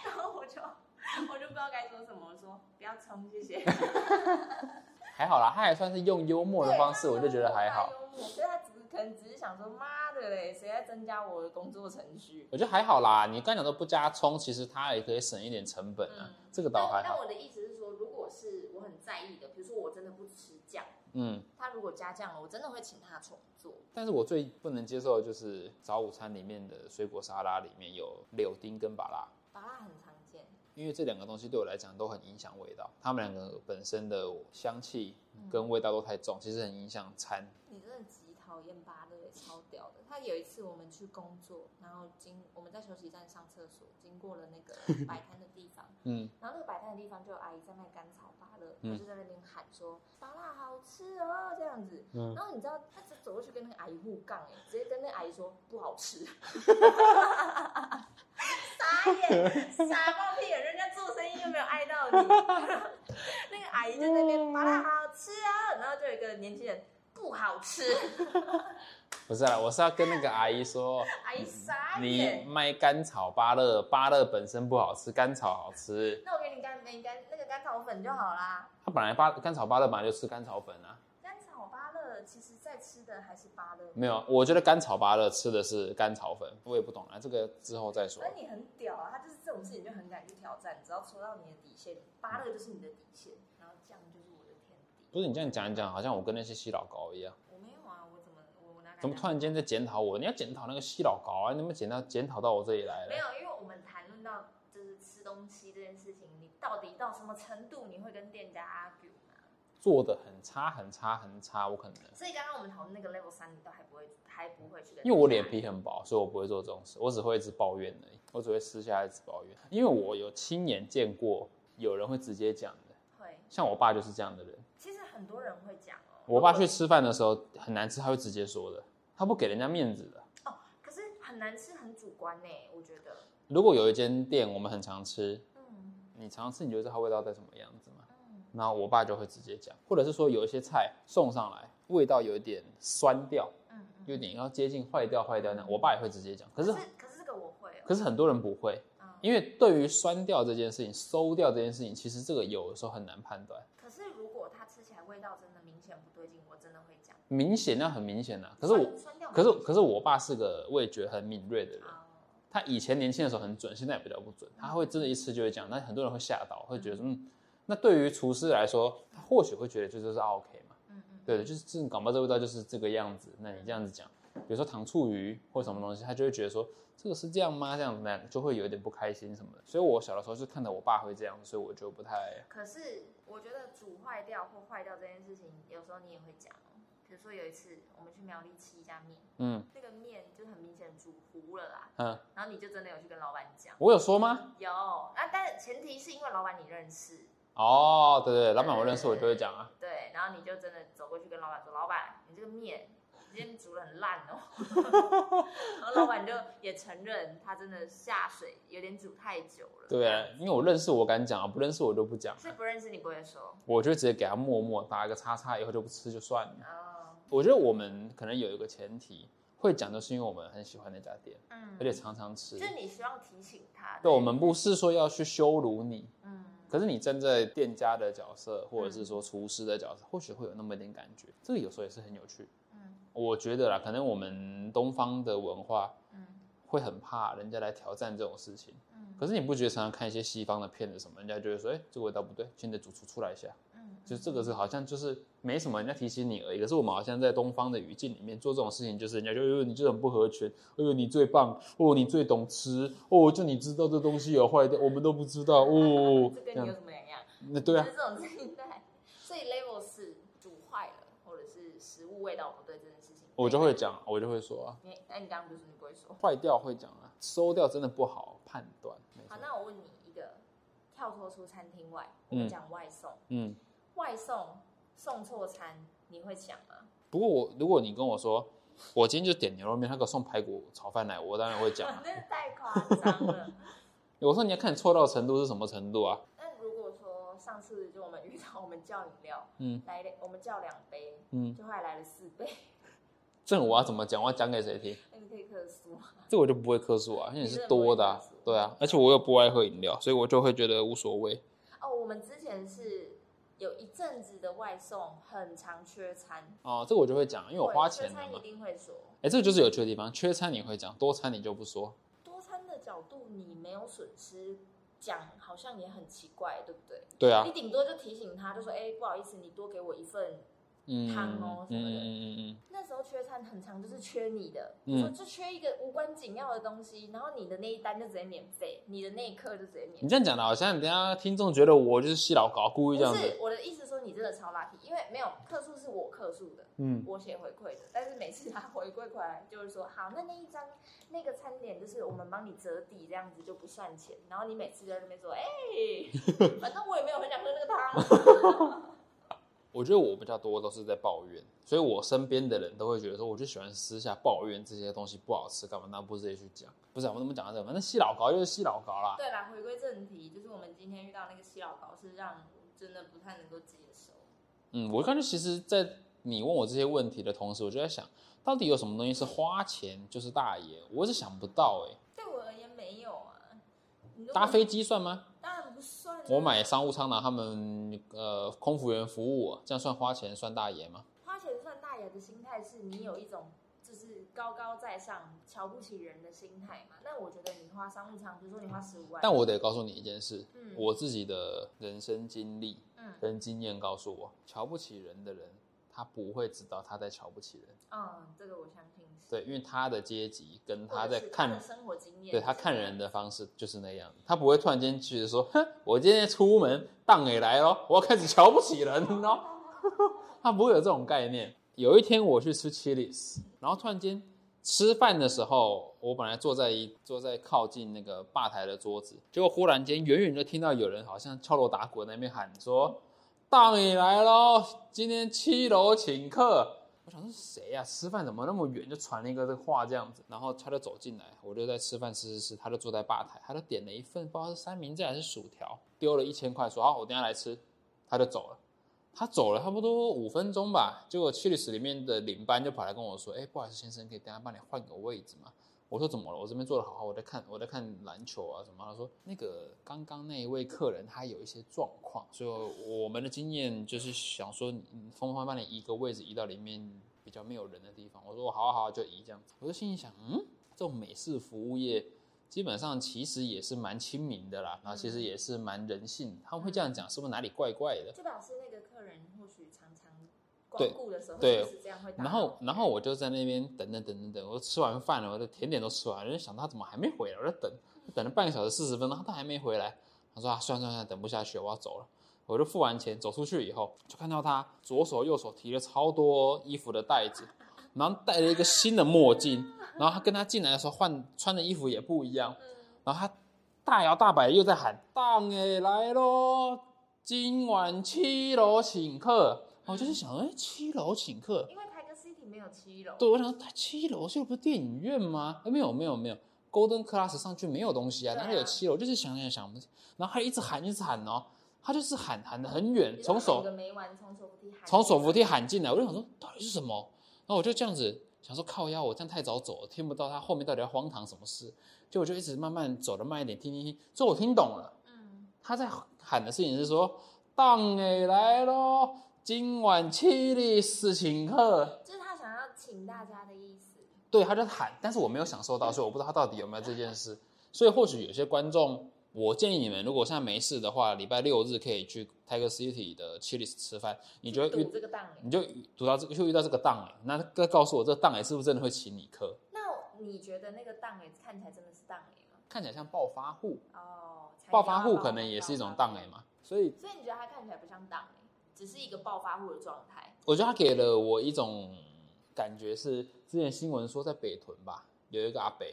然後我就我就不知道該說什麼，我說：“不要沖，謝謝。嗯” 還好啦，他還算是用幽默的方式，我就覺得還好。幽默，所以他只是可能只是想說，媽的嘞，誰在增加我的工作程序？我覺得還好啦，你剛講說不加蔥，其實他也可以省一點成本啊。嗯、這個倒還好但。但我的意思是說，如果是我很在意的，比如說我真的不吃醬，嗯，他如果加醬了，我真的會請他重做。但是我最不能接受的就是早午餐裡面的水果沙拉裡面有柳丁跟芭樂，芭樂很差。因為這兩個東西對我來講都很影響味道，他們兩個本身的香氣跟味道都太重，嗯、其實很影響餐。你真的極討厭芭樂，超屌的。他有一次我們去工作，然後經我們在休息站上廁所，經過了那個擺攤的， 的地方，嗯，然後那個擺攤的地方就有阿姨在賣甘草芭樂，我、嗯、就在那邊喊說芭樂好吃哦，這樣子，嗯，然後你知道他走過去跟那個阿姨互槓哎，直接跟那個阿姨說 不好吃。 傻眼，傻放屁！人家做生意又沒有礙到你。 那個阿姨就在那邊芭樂好吃啊，然後就有一個年輕人不好吃。不是啦，我是要跟那個阿姨說，阿姨傻眼、嗯、你賣甘草芭樂，芭樂本身不好吃，甘草好吃。那我給你甘沒甘那個甘草粉就好啦。它本來巴甘草芭樂本來就吃甘草粉啊。其實在吃的還是芭樂，沒有啊，我覺得甘草芭樂吃的是甘草粉，我也不懂啊，這個之後再說。那你很屌啊，他就是這種事情就很敢去挑戰，只要說到你的底線，芭樂就是你的底線，然後醬就是我的天敵。不是你這樣講一講，好像我跟那些西老高一樣。我沒有啊，我怎麼我那……怎麼突然間在檢討我？你要檢討那個西老高啊，你怎麼檢討檢討到我這裡來了？沒有，因為我們談論到就是吃東西這件事情，你到底到什麼程度你會跟店家 argue？做的很差，很差，很差。我可能所以剛剛我們討論那個 level 三，你都還不會，還不會去。因為我臉皮很薄，所以我不會做這種事，我只會一直抱怨而已。我只會私下一直抱怨。因為我有親眼見過有人會直接講的，會像我爸就是這樣的人。其實很多人會講哦。我爸去吃飯的時候很難吃，他會直接說的，他不給人家面子的。哦，可是很難吃很主觀呢，我覺得。如果有一間店我們很常吃，嗯，你常吃，你覺得它味道在什麼樣子？然後我爸就會直接講，或者是說有一些菜送上來，味道有一點酸掉，嗯，嗯有點要接近壞掉，壞掉、嗯、那我爸也會直接講。可是可是，可是這個我會、哦，可是很多人不會、嗯，因為對於酸掉這件事情，餿掉這件事情，其實這個有的時候很難判斷。可是如果它吃起來味道真的明顯不對勁，我真的會講。明顯那很明顯的、啊，可是我，可是可是我爸是個味覺很敏銳的人、哦，他以前年輕的時候很準，現在也比較不準，嗯、他會真的，一吃就會講。但很多人會嚇到，會覺得嗯。那對於廚師來說，他或許會覺得就是是 OK 嘛，嗯嗯，嗯，對的，就是這恐怕這味道就是這個樣子。那你這樣子講，比如說糖醋魚或什麼東西，他就會覺得說這個是這樣嗎？這樣子那就會有一點不開心什麼的。所以我小的時候就看到我爸會這樣，所以我就不太。可是我覺得煮壞掉或壞掉這件事情，有時候你也會講。比如說有一次我們去苗栗吃一家麵，嗯，這個麵就很明顯煮糊了啦，嗯，然後你就真的有去跟老闆講，我有說嗎？有，那、啊、但前提是因為老闆你認識。哦，對對，老闆我認識，我就會講啊。嗯、對，對，對，然後你就真的走過去跟老闆說：“老闆，你這個麵今天煮得很爛哦。 ”然後老闆就也承認，他真的下水有點煮太久了。對，因為我認識，我敢講啊；不認識我就不講，啊。是不認識你不會說。我就直接給他默默打一個叉叉，以後就不吃就算了、哦。我覺得我們可能有一個前提會講，就是因為我們很喜歡那家店，嗯，而且常常吃。就是你希望提醒他對。對，我們不是說要去羞辱你。嗯。可是你站在店家的角色，或者是說廚師的角色，嗯、或許會有那麼一點感覺。這個有時候也是很有趣。嗯，我覺得啦，可能我們東方的文化，嗯，會很怕人家來挑戰這種事情。嗯，可是你不覺得常常看一些西方的片子什麼，人家覺得說，哎、欸，這個味道不對，現在主廚出來一下。就這個是好像就是沒什麼，人家提醒你而已。可是我們好像在東方的語境裡面做這種事情，就是人家就因為、哎、你這種不合群，因、哎、你最棒，哦，你最懂吃，哦，就你知道這東西有壞掉， 我們都不知道哦。 這，樣 這跟你有什麼兩樣，樣？那、嗯、對啊，是這種期待。所以 level 4煮壞了，或者是食物味道不對這件事情，我就會講、欸欸，我就會說啊。啊、欸。那你剛剛不是說你不會說？壞掉會講啊，餿掉真的不好判斷。好，那我問你一個，跳脫出餐廳外，我們講外送，嗯。嗯外送送錯餐，你會講嗎？不過我，如果你跟我說，我今天就點牛肉麵，他給我送排骨炒飯來，我當然會講、啊。那 是太誇張了。 我說你要看你錯到程度是什麼程度啊？那如果說上次就我們遇到我們叫飲料，嗯，來我們叫兩杯，嗯，最後來，來了四杯，這我要怎麼講？我要講給誰聽？那、欸、你可以客訴。這個、我就不會客訴啊，因為你是多的、啊的，對啊，而且我又不愛喝飲料，所以我就會覺得無所謂。哦，我們之前是。有一陣子的外送很常缺餐哦，這個我就會講，因為我花錢嘛。缺餐一定會說，哎，這就是有趣的地方。缺餐你會講，多餐你就不說。多餐的角度你沒有損失，講好像也很奇怪，對不對？對啊，你頂多就提醒他，就說，哎，不好意思，你多給我一份。嗯、湯哦什麼的，那時候缺餐很常，就是缺你的，嗯，就缺一個無關緊要的東西，然後你的那一單就直接免費，你的那一客就直接免費。你這樣講的好像等下聽眾覺得我就是稀老搞，故意這樣子。不是，我的意思說你真的超拉皮，因為沒有客數是我客數的，嗯，我寫回饋的，但是每次他回饋回來就是說，好，那那一張那個餐點就是我們幫你折抵這樣子就不算錢，然後你每次就在那邊說，哎、欸， 反正我也沒有很想喝那個湯。 我覺得我比較多都是在抱怨，所以我身邊的人都會覺得說，我就喜歡私下抱怨這些東西不好吃幹，幹嘛然後不直接去講？不是，我怎麼講這，反正蟹老高又是蟹老高啦。對啦，回歸正題，就是我們今天遇到那個蟹老高，是讓我真的不太能夠接受。嗯，我感覺其實，在你問我這些問題的同時，我就在想，到底有什麼東西是花錢就是大爺？我也是想不到哎、欸。對我而言沒有啊。搭飛機算嗎？我買商務艙拿他們呃空服員服務我，這樣算花錢算大爺嗎？花錢算大爺的心態是你有一種就是高高在上、瞧不起人的心態嘛？那我覺得你花商務艙，比如說你花十五萬。嗯，但我得告訴你一件事，嗯，我自己的人生經歷跟經驗告訴我，瞧不起人的人。他不會知道他在瞧不起人。嗯，這個我相信。對，因為他的階級跟他在看生活對他看人的方式就是那樣。他不會突然間去說，哼，我今天出門蕩也來了，我要開始瞧不起人嘍、哦。他不會有這種概念。有一天我去吃 chili's，然後突然間吃飯的時候，我本來坐在一坐在靠近那個吧台的桌子，結果忽然間遠遠就聽到有人好像敲鑼打鼓的那邊喊說。大米來嘍！今天七樓請客，我想是誰呀、啊？吃飯怎麼那麼遠就傳了一個這個話這樣子，然後他就走進來，我就在吃飯吃吃吃，他就坐在吧台，他就點了一份不知道是三明治還是薯條，丟了一千塊說好、啊、我等下來吃，他就走了。他走了差不多五分鐘吧，結果七里史裡面的領班就跑來跟我說：“哎，不好意思先生，可以等下幫你換個位置嗎？”我說怎麼了？我這邊坐得好好，我在看，我在看籃球啊什麼。他說那個剛剛那一位客人，他有一些狀況，所以我們的經驗就是想說，你，風帆把你移個位置，移到裡面比較沒有人的地方。我說我好，好好就移這樣。我就心裡想，嗯，這種美式服務業基本上其實也是蠻親民的啦，然後其實也是蠻人性，他們會這樣講，是不是哪裡怪怪的？就表示那個客人或許常常。對，對，對，然後然後我就在那邊等等等等等，我吃完飯了，我的甜點都吃完了，我就想他怎麼還沒回來，我在等就等了半個小時四十分鐘，他還沒回來。他說啊，算算算，等不下去，我要走了。我就付完錢走出去以後，就看到他左手右手提了超多衣服的袋子，然後戴了一個新的墨鏡，然後他跟他進來的時候換穿的衣服也不一樣，然後他大搖大擺又在喊，蕩哎來嘍，今晚七樓請客。我就是想，哎、欸，七樓請客，因為台根 City 沒有七樓。對，我想台七樓，這不是電影院嗎？沒有，沒有，沒有，Golden Class 上去沒有東西啊。哪裡、啊、有七樓？我就是想，想，想。然後他一直喊，一直喊哦，他就是喊喊得很遠，嗯、從手從手扶梯、梯喊進來。我就想說、嗯，到底是什麼？然後我就這樣子想說，靠腰。我這樣太早走了，聽不到他後面到底要荒唐什麼事。就我就一直慢慢走的慢一點，聽聽聽、聽，最後我聽懂了、嗯。他在喊的事情是說，蕩誒來嘍。今晚 Chili's 請客，就是他想要請大家的意思。對，他就喊，但是我沒有享受到，所以我不知道他到底有沒有這件事。所以或許有些觀眾，我建議你們，如果現在沒事的話，禮拜六日可以去 Tiger City 的 Chili's 吃飯。你覺得這個檔哎，你就遇到這個，就遇到這個檔哎，那再告訴我這個檔哎是不是真的會請你客？那你覺得那個檔哎看起來真的是檔哎嗎？看起來像暴發戶哦，暴發戶可能也是一種檔哎嘛、哦，所以所以你覺得他看起來不像檔哎？只是一個暴發戶的狀態。我覺得他給了我一種感覺，是之前新聞說在北屯吧，有一個阿伯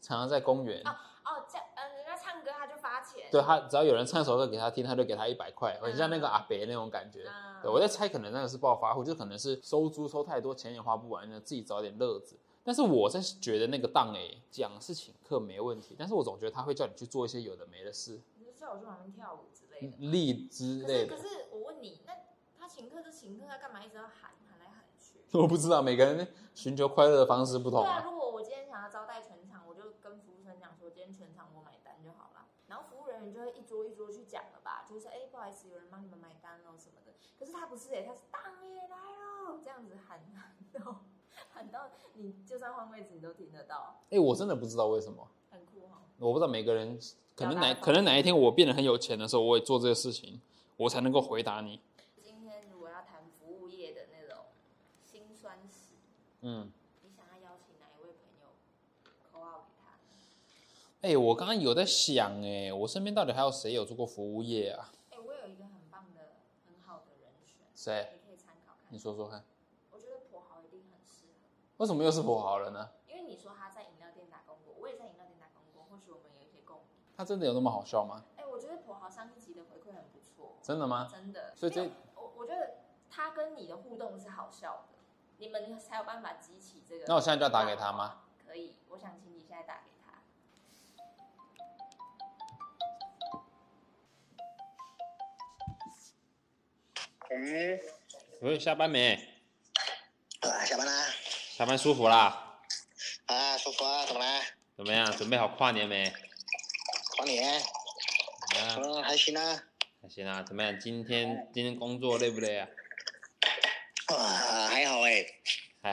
常常在公園。哦哦，這嗯，人家唱歌他就發錢。對他，只要有人唱首歌給他聽，他就給他一百塊，很像那個阿伯那種感覺。對，我在猜，可能那個是暴發戶，就可能是收租收太多，錢也花不完了，自己找點樂子。但是我在覺得那個檔哎，講是請客沒問題，但是我總覺得他會叫你去做一些有的沒的事，你叫我去旁邊跳舞之類，力之類的。請客就請客，他幹嘛一直要喊喊來喊去？我不知道，每個人尋求快樂的方式不同啊、嗯。對啊，如果我今天想要招待全場，我就跟服務生講說：“今天全場我買單就好了。”然後服務人員就會一桌一桌去講了吧，就是說：“哎，不好意思，有人幫你們買單嘍、哦、什麼的。”可是他不是哎，他是大爺來了、哦，這樣子喊喊到喊到你，就算換位置你都聽得到。哎，我真的不知道為什麼。很酷哈！我不知道每個人可能哪可能哪，可能哪一天我變得很有錢的時候，我也做這個事情，我才能夠回答你。嗯，你想要邀請哪一位朋友？扣號給他。哎、欸，我剛剛有在想、欸，哎，我身邊到底還有誰有做過服務業啊？哎、欸，我有一個很棒的、很好的人選。誰？你可以參考看看。你說說看。我覺得頗豪一定很適合。為什麼又是頗豪了呢？因為你說他在飲料店打工過，我也在飲料店打工過，或許我們有一些共鳴。他真的有那麼好笑嗎？哎、欸，我覺得頗豪上一集的回饋很不錯。真的嗎？真的。所以這，我我覺得他跟你的互動是好笑。你們才有辦法集齊這個。那我現在就要打給他嗎？可以，我想請你現在打給他。嗯，喂、哎，下班沒？啊，下班啦、啊。下班舒服啦？啊，舒服啊，怎麼啦？怎麼樣，準備好跨年沒？跨年。怎麼樣？嗯，還行啊。還行啊，怎麼樣？今天今天工作累不累啊？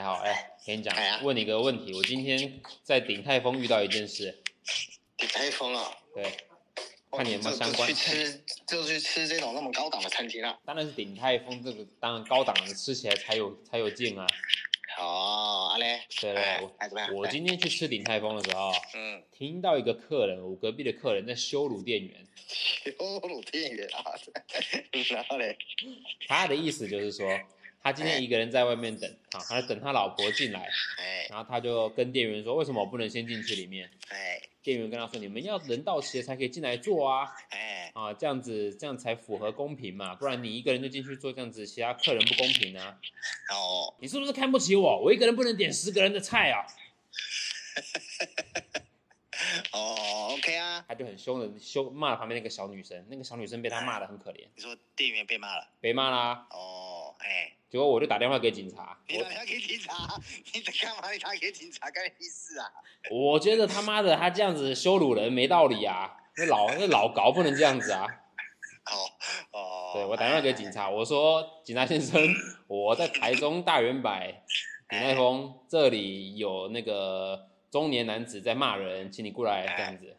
還、哎，好哎，跟你講、哎，問你一個問題，我今天在鼎泰豐遇到一件事。鼎泰豐啊？對，看你有沒有相關、哦就。就去吃，就去吃這種那麼高檔的餐廳啊，當然是鼎泰豐這個，當然高檔的吃起來才有才有勁啊。哦，阿、啊、對了、哎哎，我今天去吃鼎泰豐的時候，嗯、哎，聽到一個客人，我隔壁的客人在羞辱店員。羞辱店員啊！然後嘞，他的意思就是說。他今天一個人在外面等，欸、啊，他在等他老婆進來，哎、欸，然後他就跟店員說、欸：“為什麼我不能先進去裡面？”哎、欸，店員跟他說：“欸、你們要人到齊才可以進來坐啊，哎、欸，啊，這樣子這樣子才符合公平嘛，不然你一個人就進去坐，這樣子，其他客人不公平啊。”哦，你是不是看不起我？我一個人不能點十個人的菜啊？哦，OK 啊，他就很凶的凶罵旁邊那個小女生，那個小女生被他罵得很可憐、欸。你說店員被罵了？被罵啦、啊嗯。哦，哎、欸。結果我就打電話給警察。你打電話給警察？你在幹嘛？你打給警察干屁事啊？我覺得他媽的他這樣子羞辱人沒道理啊！那 老那老高不能這樣子啊！哦、oh, 哦、oh，對我打電話給警察，哎哎哎我說警察先生，我在台中大遠百鼎泰 豐，這裡有那個中年男子在罵人，請你過來這樣子。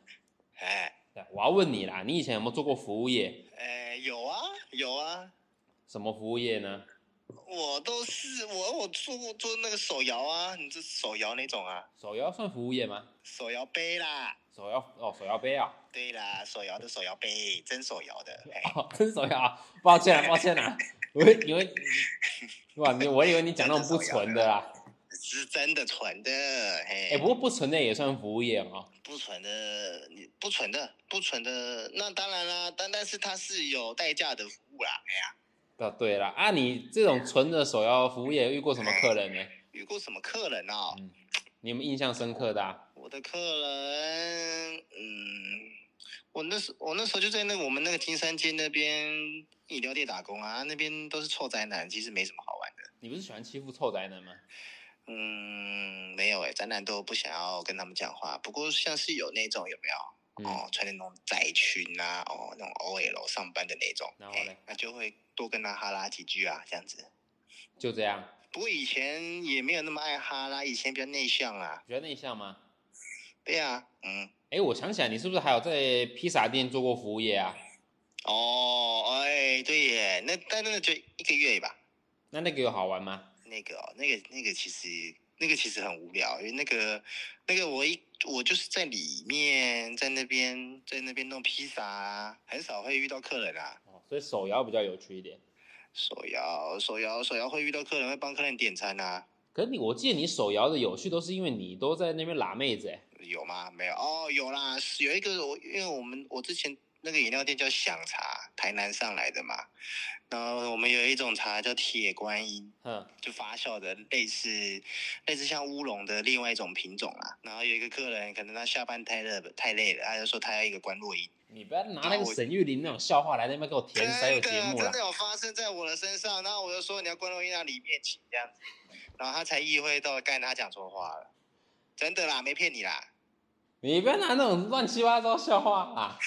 哎，我要問你啦，你以前有沒有做過服務業？哎，有啊有啊。什麼服務業呢？我都是我我做做那個手搖啊，你這手搖那種啊，手搖算服務業嗎？手搖杯啦，手搖哦手搖杯啊，對啦，手搖的手搖杯 真手、哦，真手搖的，真手搖啊，抱歉啊， 抱歉啦、啊， 我以為哇你我以為你講那種不純的啦，是真的純的，哎、欸、不過不純的也算服務業嗎、嗯？不純的你不純的不純的那當然啦、啊，但但是它是有代價的服務啦，哎呀、啊。哦、oh，對了啊，你這種純的手搖服務業遇過什麼客人呢？遇過什麼客人啊、哦嗯？你有沒有印象深刻的、啊？我的客人，嗯，我那時我那時候就在那我們那個金山街那邊飲料店打工啊，那邊都是臭宅男，其實沒什麼好玩的。你不是喜歡欺負臭宅男嗎？嗯，沒有誒、欸，宅男都不想要跟他們講話。不過像是有那種有沒有？嗯、哦，穿那種窄裙啊，哦，那種 O L 上班的那種那、欸，那就會多跟他哈拉幾句啊，這樣子，就這樣。不過以前也沒有那麼愛哈拉，以前比較內向啊。比較內向嗎？對啊。嗯。哎、欸，我想起來，你是不是還有在披薩店做過服務業啊？哦，哎、欸，對耶，那但那個就一個月吧。那那個有好玩嗎？那個哦，那個那個其實。那個其實很無聊，因為那個那個我一我就是在裡面，在那邊在那邊弄披薩啊，很少會遇到客人啊，哦，所以手搖比較有趣一點。手搖手搖手搖會遇到客人，會幫客人點餐啊。可你我記得你手搖的有趣都是因為你都在那邊拉妹子欸，有嗎？沒有哦，有啦，有一個我因為我們我之前。那個飲料店叫響茶，台南上來的嘛。然後我們有一種茶叫鐵觀音，嗯，就發酵的類，類似類似像烏龍的另外一種品種啦、啊。然後有一個客人，可能他下班太熱太累了，他就說他要一個觀落音。你不要拿那個沈玉琳那種笑話來那邊給我填，我真的塞，有真的有發生在我的身上，然後我就說，你要觀落音那裡面，請這樣子。然後他才意會到，剛才他講錯話了。真的啦，沒騙你啦。你別拿那種亂七八糟笑話哈、啊，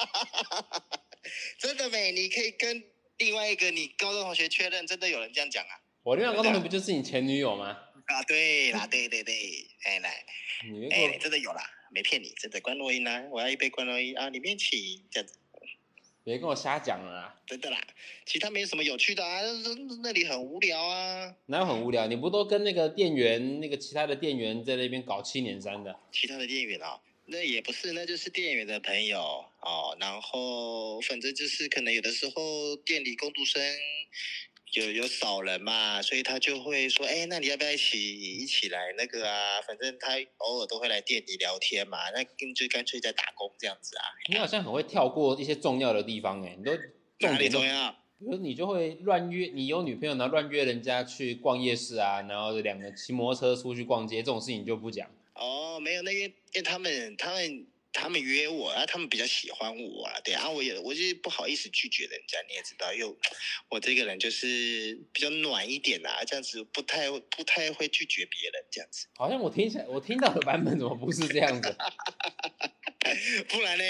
真的沒，你可以跟另外一個你高中同學確認，真的有人這樣講啊？我另外高中同學不就是你前女友嗎？ 啊，對啦，對對對，哎、欸，來，哎、這個欸，真的有啦，沒騙你，真的觀落陰呢、啊，我要一杯觀落陰啊，裡面請這樣子。別跟我瞎講了、啊、真的啦，其他沒什麼有趣的啊，那裡很無聊啊。哪有很無聊？你不都跟那個店員、那個其他的店員在那邊搞七捻三的？其他的店員啊，那也不是，那就是店員的朋友哦。然後反正就是可能有的時候店裡工讀生，有有少人嘛，所以他就會說，哎、欸，那你要不要一起一起來那個啊？反正他偶爾都會來店裡聊天嘛，那跟就乾脆在打工這樣子啊。你好像很會跳過一些重要的地方哎、欸，你都重點都重要？你你就會亂約，你有女朋友呢，亂約人家去逛夜市啊，然後兩個騎摩托車出去逛街，這種事情就不講。哦，沒有，那因為他們，他們。他們約我啊，啊他們比較喜歡我啊，等下、啊、我也我就不好意思拒絕人家，你也知道，又我這個人就是比較暖一點啊，這樣子不太不太會拒絕別人，這樣子。好像我聽起來，我聽到的版本怎麼不是這樣子？ 不然呢？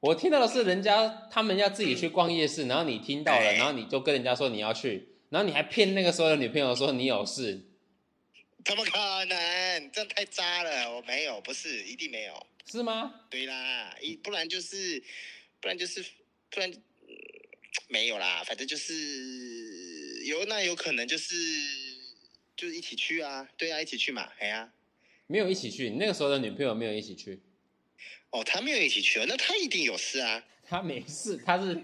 我聽到的是人家他們要自己去逛夜市，然後你聽到了，然後你就跟人家說你要去，然後你還騙那個時候的女朋友說你有事。怎麼可能？這樣太渣了！我沒有，不是，一定沒有，是嗎？對啦，一不然就是，不然就是，不然、呃、沒有啦。反正就是有，那有可能就是就是一起去啊。對啊，一起去嘛，哎呀、啊，沒有一起去。你那個時候的女朋友沒有一起去？哦，她沒有一起去，那她一定有事啊。他沒事，他是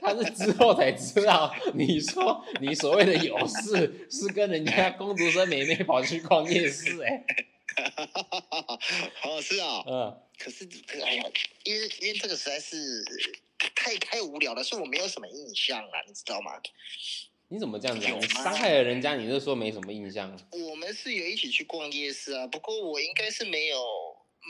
他是之後才知道你。你說你所謂的有事，是跟人家工讀生妹妹跑去逛夜市哎、欸， 哦，是啊、哦，嗯，可是、哎、呀因為因為這個實在是太太無聊了，所以我沒有什麼印象啊，你知道嗎？你怎麼這樣講、啊？我傷 害了人家，你就說沒什麼印象？我們是有一起去逛夜市啊，不過我應該是沒有。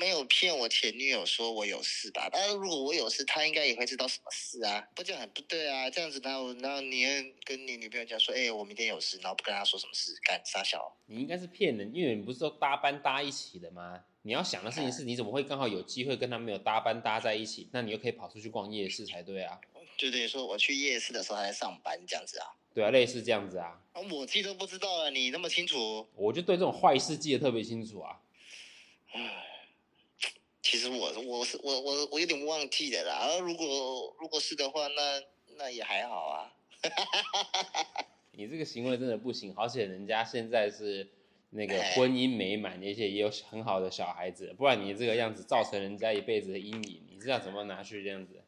沒有騙我前女友說我有事吧？但是如果我有事，她應該也會知道什麼事啊？不就很不對啊！這樣子那我那你跟你女朋友講說，哎、欸，我明天有事，然後不跟她說什麼事，乾傻笑？你應該是騙人，因為你不是說搭班搭一起的嗎？你要想的事情是，你怎麼會剛好有機會跟他沒有搭班搭在一起？那你又可以跑出去逛夜市才對啊！就等於說我去夜市的時候還在上班這樣子啊？對啊，類似這樣子啊。我自己都不知道啊，你那麼清楚？我就對這種壞事記得特別清楚啊。嗯其實我我是我我我有點忘記了啦。如果如果是的話，那那也還好啊。 你這個行為真的不行，好險人家現在是那個婚姻美滿，而且也有很好的小孩子，不然你這個樣子造成人家一輩子的陰影，你知道怎麼拿去這樣子？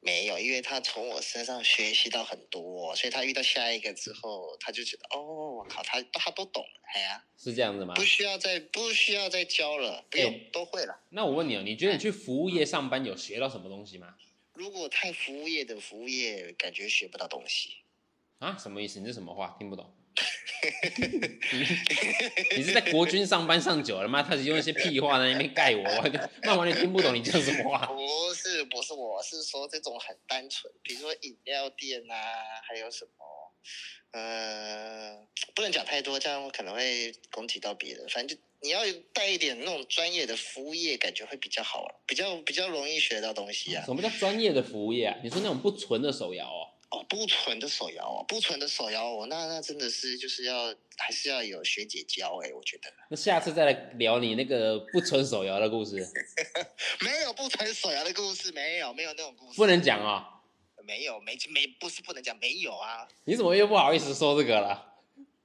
沒有，因為他從我身上學習到很多，所以他遇到下一個之後，他就覺得哦，我靠，他他都懂了、哎、呀。是這樣子嗎？不需要再不需要再教了，不用、欸、都會了。那我問你啊，你覺得你去服務業上班有學到什麼東西嗎？如果太服務業的服務業，感覺學不到東西。啊，什麼意思？你這什麼話？聽不懂。 你是在國軍上班上久了嗎？他只用一些屁話在那邊蓋我，那完全聽不懂你叫什麼話。不是不是，我是說這種很單純，比如說飲料店啊，還有什麼，嗯、呃，不能講太多，這樣我可能會攻擊到別人。反正就你要帶一點那種專業的服務業，感覺會比較好玩。比較比較容易學到東西啊。嗯，什麼叫專業的服務業啊？你說那種不純的手搖啊？不純的手搖哦，不純的手搖哦，那那真的是就是要還是要有學姐教哎、欸，我覺得。那下次再來聊你那個不純手搖的故事。 沒有不純手搖的故事，沒有沒有那種故事。不能講啊、哦。沒有沒沒不是不能講，沒有啊。你怎麼又不好意思說這個了？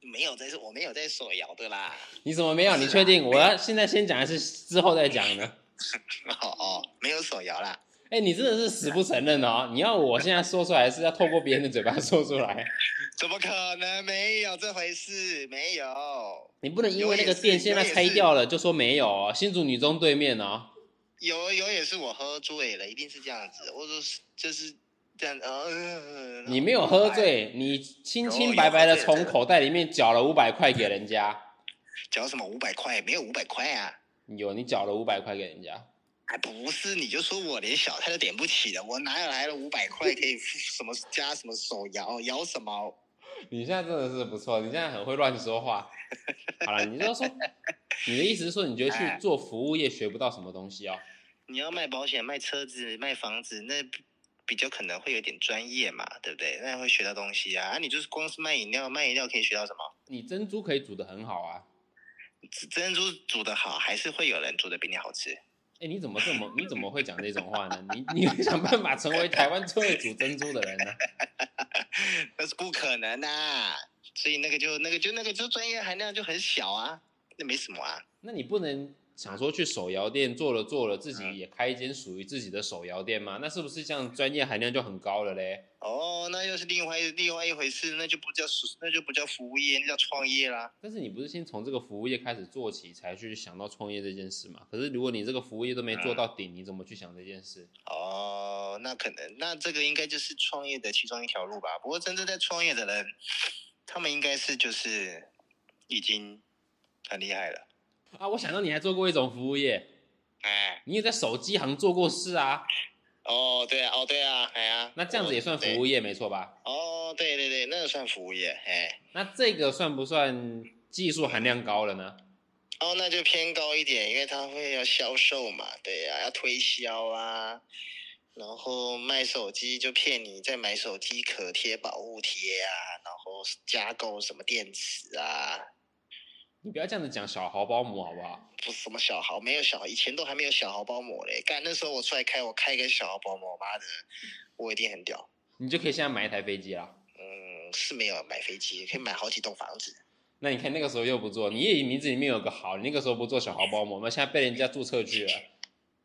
沒有在，這是我沒有在手搖的啦。你怎麼沒有？你確定？我要現在先講還是之後再講呢？ 哦哦，沒有手搖啦。哎、欸，你真的是死不承認哦！你要我現在說出來，是要透過別人的嘴巴說出來？怎麼可能沒有這回事？沒有，你不能因為那個店現在拆掉了就說沒有哦。新竹女中對面哦，有有也是我喝醉了，一定是這樣子，我說是就是這樣子，哦嗯。你沒有喝醉，啊、你清清白白的從口袋裡面繳了五百塊給人家。繳什麼五百塊？沒有五百塊啊！有，你繳了五百塊給人家。不是，你就說我連小菜都點不起的。我哪有來了五百塊可以付什麼加什麼手搖搖 什麼？你現在真的是不錯，你現在很會亂說話。好了，你就說， 你的意思是說你覺得去做服務業學不到什麼東西哦？啊、你要賣保險、賣車子、賣房子，那比較可能會有點專業嘛，對不對？那會學到東西啊。啊，你就是光是賣飲料，賣飲料可以學到什麼？你珍珠可以煮的很好啊，珍珠煮的好，還是會有人煮的比你好吃。哎，你怎麼這麼，你怎麼會講這種話呢？你你會想辦法成為台灣最會煮珍珠的人呢、啊？ 那是不可能的、啊，所以那個就那個就，、那個、就那個就專業含量就很小啊，那沒什麼啊。那你不能。想說去手搖店做了做了，自己也開一間屬於自己的手搖店嘛？那是不是像專業含量就很高了嘞？哦，那又是另外另外一回事，那就不叫那就不叫服務業，那就叫創業啦。但是你不是先從這個服務業開始做起，才去想到創業這件事嗎？可是如果你這個服務業都沒做到頂，嗯，你怎麼去想這件事？哦，那可能那這個應該就是創業的其中一條路吧。不過真正在創業的人，他們應該是就是已經很厲害了。啊，我想到你還做過一種服務業，哎、欸，你也在手機行做過事啊？哦，對啊，哦，對啊，哎呀、啊，那這樣子也算服務業、哦、沒錯吧？哦，對對對，那個、算服務業，哎，那這個算不算技術含量高了呢、嗯？哦，那就偏高一點，因為它會要銷售嘛，對呀、啊，要推銷啊，然後賣手機就騙你再買手機殼貼保護貼啊，然後加購什麼電池啊。你不要這樣子講小豪包膜好不好？不是什麼小豪，沒有小豪，以前都還沒有小豪包膜嘞。幹那時候我出來開，我開個小豪包膜，媽的，我一定很屌。你就可以現在買一台飛機啊，嗯，是沒有買飛機，可以買好幾棟房子。那你看那個時候又不做，你也名字裡面有個豪，你那個時候不做小豪包膜嗎？現在被人家註冊去了。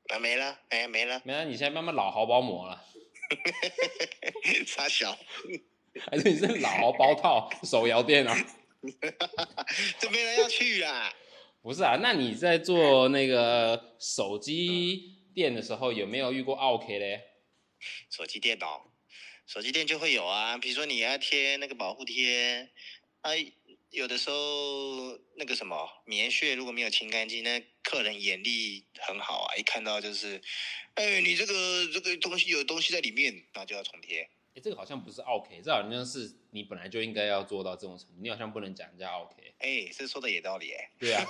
啊沒了，哎沒了，沒了，你現在慢慢老豪包膜了。 差小，還是你是老豪包套手搖店啊？哈哈哈！沒人要去啊， 不是啊，那你在做那個手機店的時候，有沒有遇過奧客嘞？手機店腦、哦，手機店就會有啊。比如說你要貼那個保護貼，哎、啊，有的時候那個什麼棉絮如果沒有清乾淨，那客人眼力很好啊，一看到就是，哎，你這個這個東西有東西在裡面，那就要重貼。欸、這個好像不是 OK，這好像是你本來就應該要做到這種程度，你好像不能講人家 OK。哎、欸，這說的有道理哎、欸。對啊。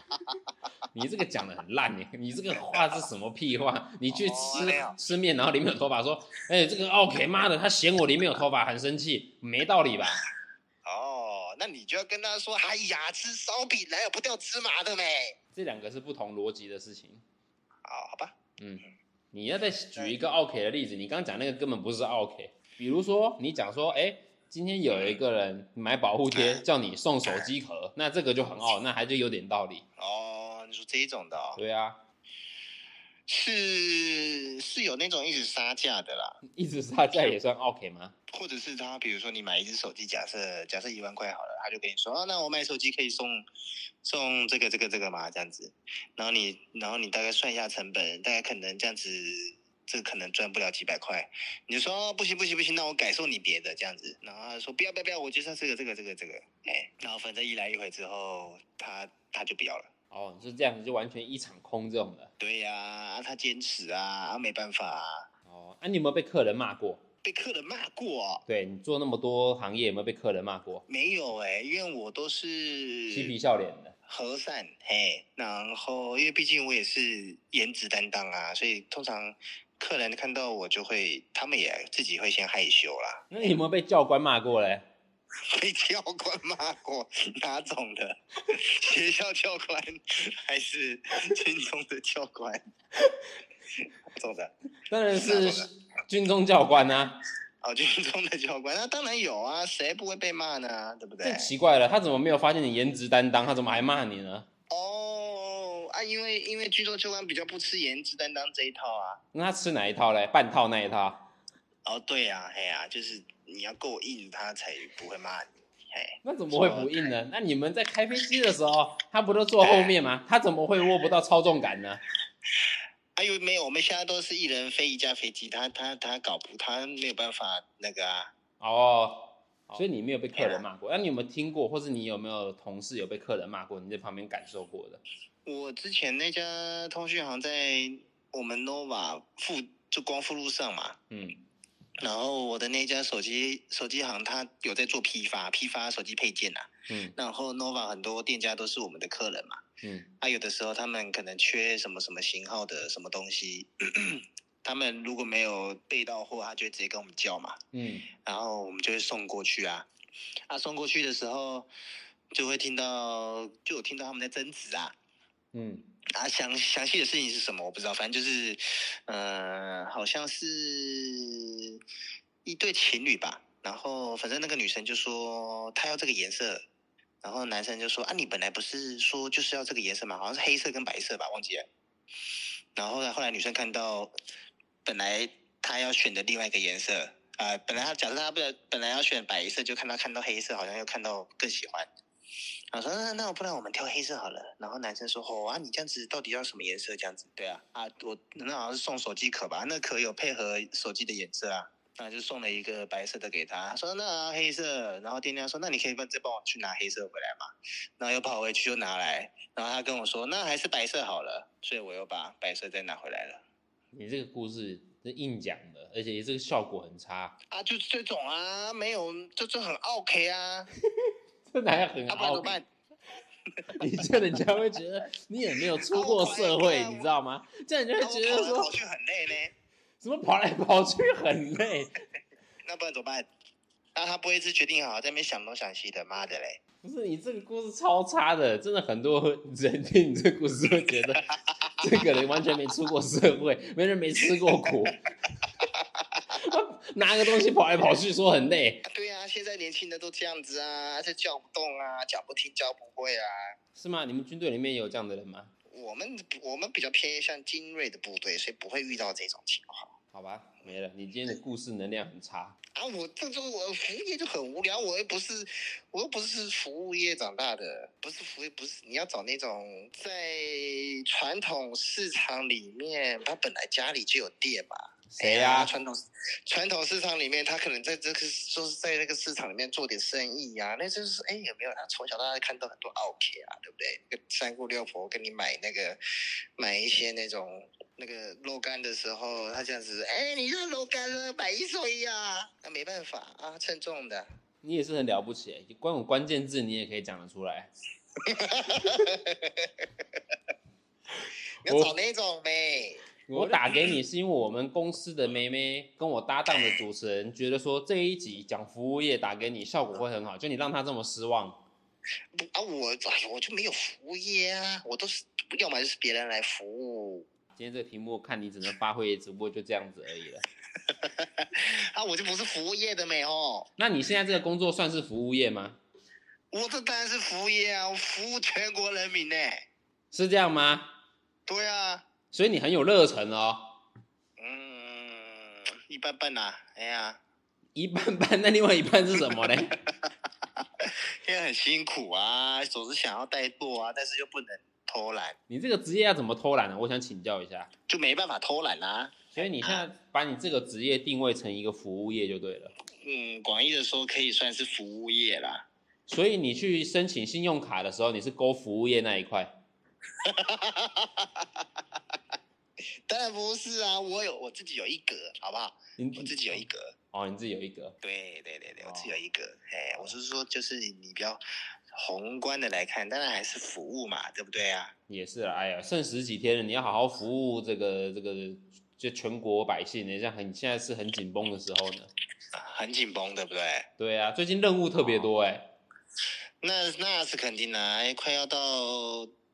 你這個講得很爛、欸，你你這個話是什麼屁話？你去吃、 哦、吃麵，然後裡面有頭髮，說，哎、欸，這個 OK，媽的，他嫌我裡面有頭髮， 很生氣，沒道理吧？哦、oh,，那你就要跟他說，哎呀，吃燒餅哪有不掉芝麻的咧？這兩個是不同邏輯的事情。好、oh, 好吧。嗯。你要再舉一個 o、okay、K 的例子，你剛剛講那個根本不是 o、okay、K。比如說，你講說，哎，今天有一個人買保護貼，叫你送手機殼，那這個就很好，那還是有點道理。哦，你說這一種的、哦。對啊。是是有那種一直殺價的啦，一直殺價也算 OK 嗎？或者是他，比如說你買一支手機，假設假設一萬塊好了，他就跟你說，啊，那我買手機可以送送這個這個這個嘛，這樣子。然後你然後你大概算一下成本，大概可能這樣子，這可能賺不了幾百塊。你就說，啊，不行不行不行，那我改送你別的這樣子。然後他說不要不要不要，我就算這個這個這個這個。哎，欸，然後反正一來一回之後，他他就不要了。哦，是這樣子，就完全一場空這種的。對呀，啊，他堅持啊，啊，沒辦法、啊。哦，那、啊、你有沒有被客人罵過？被客人罵過？對，你做那麼多行業，有沒有被客人罵過？沒有哎、欸，因為我都是嬉皮笑臉的和善，嘿，然後因為畢竟我也是顏值擔當啊，所以通常客人看到我就會，他們也自己會先害羞啦。嗯、那你有沒有被教官罵過嘞？被教官罵過哪種的？學校教官還是軍中的教官？種的，當然是軍中教官啊！哦，軍中的教官，那當然有啊，誰不會被罵呢？對不對？奇怪了，他怎麼沒有發現你顏值擔當？他怎麼還罵你呢？哦，啊，因為因為軍中教官比較不吃顏值擔當這一套啊。那他吃哪一套嘞？半套那一套？哦，對呀、啊，嘿呀、啊，就是。你要夠硬，他才不會罵你嘿。那怎麼會不硬呢？那你們在開飛機的時候，他不都坐後面嗎、哎？他怎麼會握不到操縱桿呢？哎呦，沒有，我們現在都是一人飛一架飛機，他他他搞不，他沒有辦法那個啊。哦，所以你沒有被客人罵過、哎？那你有沒有聽過，或是你有沒有同事有被客人罵過？你在旁邊感受過的？我之前那家通訊行在我們 NOVA 附就光復路上嘛。嗯。然後我的那家手機手機行，他有在做批發，批發手機配件吶、啊。嗯。然後 Nova 很多店家都是我們的客人嘛。嗯。他、啊、有的時候他們可能缺什麼什麼型號的什麼東西咳咳，他們如果沒有備到貨，他就會直接跟我們叫嘛。嗯。然後我們就會送過去啊。啊，送過去的時候就會聽到，就有聽到他們在爭執啊。嗯。啊，詳詳細的事情是什麼？我不知道，反正就是，嗯、呃、好像是一對情侶吧。然後，反正那個女生就說她要這個顏色，然後男生就說啊，你本來不是說就是要這個顏色嗎？好像是黑色跟白色吧，忘記了。然後呢，後來女生看到本來她要選的另外一個顏色啊、呃，本來她假設她不，本來要選白色，就看到看到黑色，好像又看到更喜歡。說我說，那那不然我們挑黑色好了。然後男生說哦啊，你這樣子到底要什麼顏色？這樣子對啊啊，我那好像是送手機殼吧？那殼有配合手機的顏色啊。那、啊、就送了一個白色的給他。他說那、啊、黑色。然後店家說，那你可以再幫我去拿黑色回來嗎？然後又跑回去又拿來。然後他跟我說，那還是白色好了。所以我又把白色再拿回來了。你這個故事是硬講的，而且這個效果很差啊，就是這種啊，沒有這就是、很 OK 啊。 真的要很奧客，啊、不然怎麼辦 你這人家會覺得你也沒有出過社會，啊、會你知道嗎？這樣人家會覺得說、啊我啊、我跑，跑去很累呢，怎麼跑來跑去很累？那不然怎麼辦？那、啊、他不會一直決定好在那邊想東想西的？媽的嘞！不是你這個故事超差的，真的很多人聽你這個故事會覺得這個人完全沒出過社會，沒人沒吃過苦。 拿個東西跑來跑去，說很累、 啊。對啊，現在年輕人都這樣子啊，這叫不動啊，講不聽，教不會啊。是嗎？你們軍隊裡面有這樣的人嗎？我們我們比較偏向精銳的部隊，所以不會遇到這種情況。好吧，沒了。你今天的故事能量很差、嗯、啊！我這種我服務業就很無聊，我又不是我又不是服務業長大的，不是服務不是你要找那種在傳統市場裡面，他本來家裡就有店嘛。誰、啊哎、呀？傳統傳統市場裡面，他可能在這個就是在那個市場裡面做點生意呀、啊。那就是哎，有沒有他、啊、從小到大看到很多奧客啊，對不對？三姑六婆跟你買那個買一些那種那個肉乾的時候，他這樣子哎，你這肉乾買一送一呀？那、啊啊、沒辦法啊，稱重的。你也是很了不起，你光有關鍵字你也可以講得出來。 你要找那種唄。我打給你是因為我們公司的妹妹跟我搭檔的主持人覺得說，這一集講服務業打給你效果會很好，就你讓她這麼失望。啊，我、哎、我就沒有服務業啊，我都是要麼就是別人來服務。今天這個題目看你只能發揮，直播就這樣子而已了。那、 啊、我就不是服務業的美哦。那你現在這個工作算是服務業嗎？我這當然是服務業啊，我服務全國人民呢。是這樣嗎？對啊。所以你很有熱忱哦。嗯，一般般啦。哎呀，一般般。那另外一半是什麼呢？ 因為很辛苦啊，總是想要怠惰啊，但是又不能偷懶。你這個職業要怎麼偷懶呢？我想請教一下。就沒辦法偷懶啦、啊。所以你現在把你這個職業定位成一個服務業就對了。嗯，廣義的說可以算是服務業啦。所以你去申請信用卡的時候，你是勾服務業那一塊。哈。 當然不是啊，我有我自己有一格，好不好？你自己有一格哦，你自己有一格。對對對對，哦，我自己有一格。哎，我是說，就是你比較宏觀的來看，當然還是服務嘛，對不對啊？也是啊，哎呀，剩十幾天了，你要好好服務這個這個，就全國百姓。你、欸、像很現在是很緊繃的時候呢，很緊繃，對不對？對啊，最近任務特別多哎、欸哦。那那是肯定的、啊欸，快要到。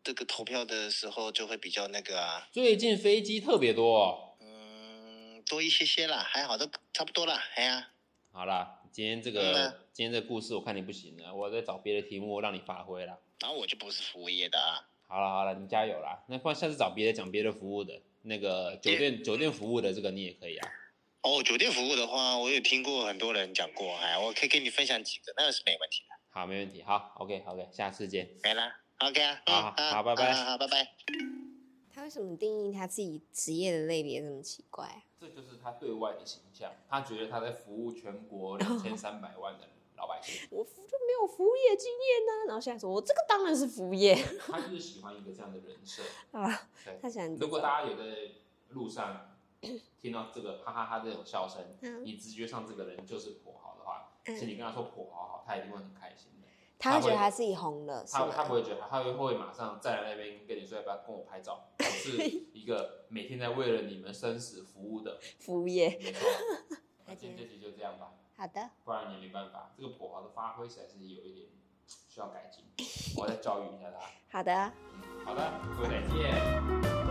這個投票的時候就會比較那個、啊。最近飛機特別多、哦。嗯，多一些些啦，還好，都差不多啦。哎呀、啊，好啦，今天這個、嗯啊、今天這個故事我看你不行了，我在找別的題目讓你發揮了。那、啊、我就不是服務業的啊。好了好了，你加油啦。那不然下次找別的講別的服務的，那個酒店、嗯、酒店服務的這個你也可以啊。哦，酒店服務的話，我有聽過很多人講過，哎，我可以跟你分享幾個，那個是沒問題的。好，沒問題。好，OK OK，下次見。拜啦。OK、啊嗯、好，好，嗯、好，好，拜拜，好，拜拜。他為什麼定義他自己職業的類別這麼奇怪？這就是他對外的形象。他覺得他在服務全國兩千、哦、三百萬的老百姓。我服，就沒有服務業經驗呢、啊。然後現在說我這個當然是服務業。他就是喜歡一個這樣的人設。啊、哦，他想。如果大家有在路上聽到這個哈 哈哈這種笑聲，你直覺上這個人就是頗豪的話，其、嗯、實你跟他說頗豪好，好，他一定會很開心。他,會他覺得他自己紅了，他他不會覺得他，他會馬上再來那邊跟你說，要不要跟我拍照，我是一個每天在為了你們生死服務的 服務業。 啊、今天這期就這樣吧，好的，不然也沒辦法，這個頗豪的發揮起來是有一點需要改進，我再教育一下他。 好的、啊，好的，各 位再見。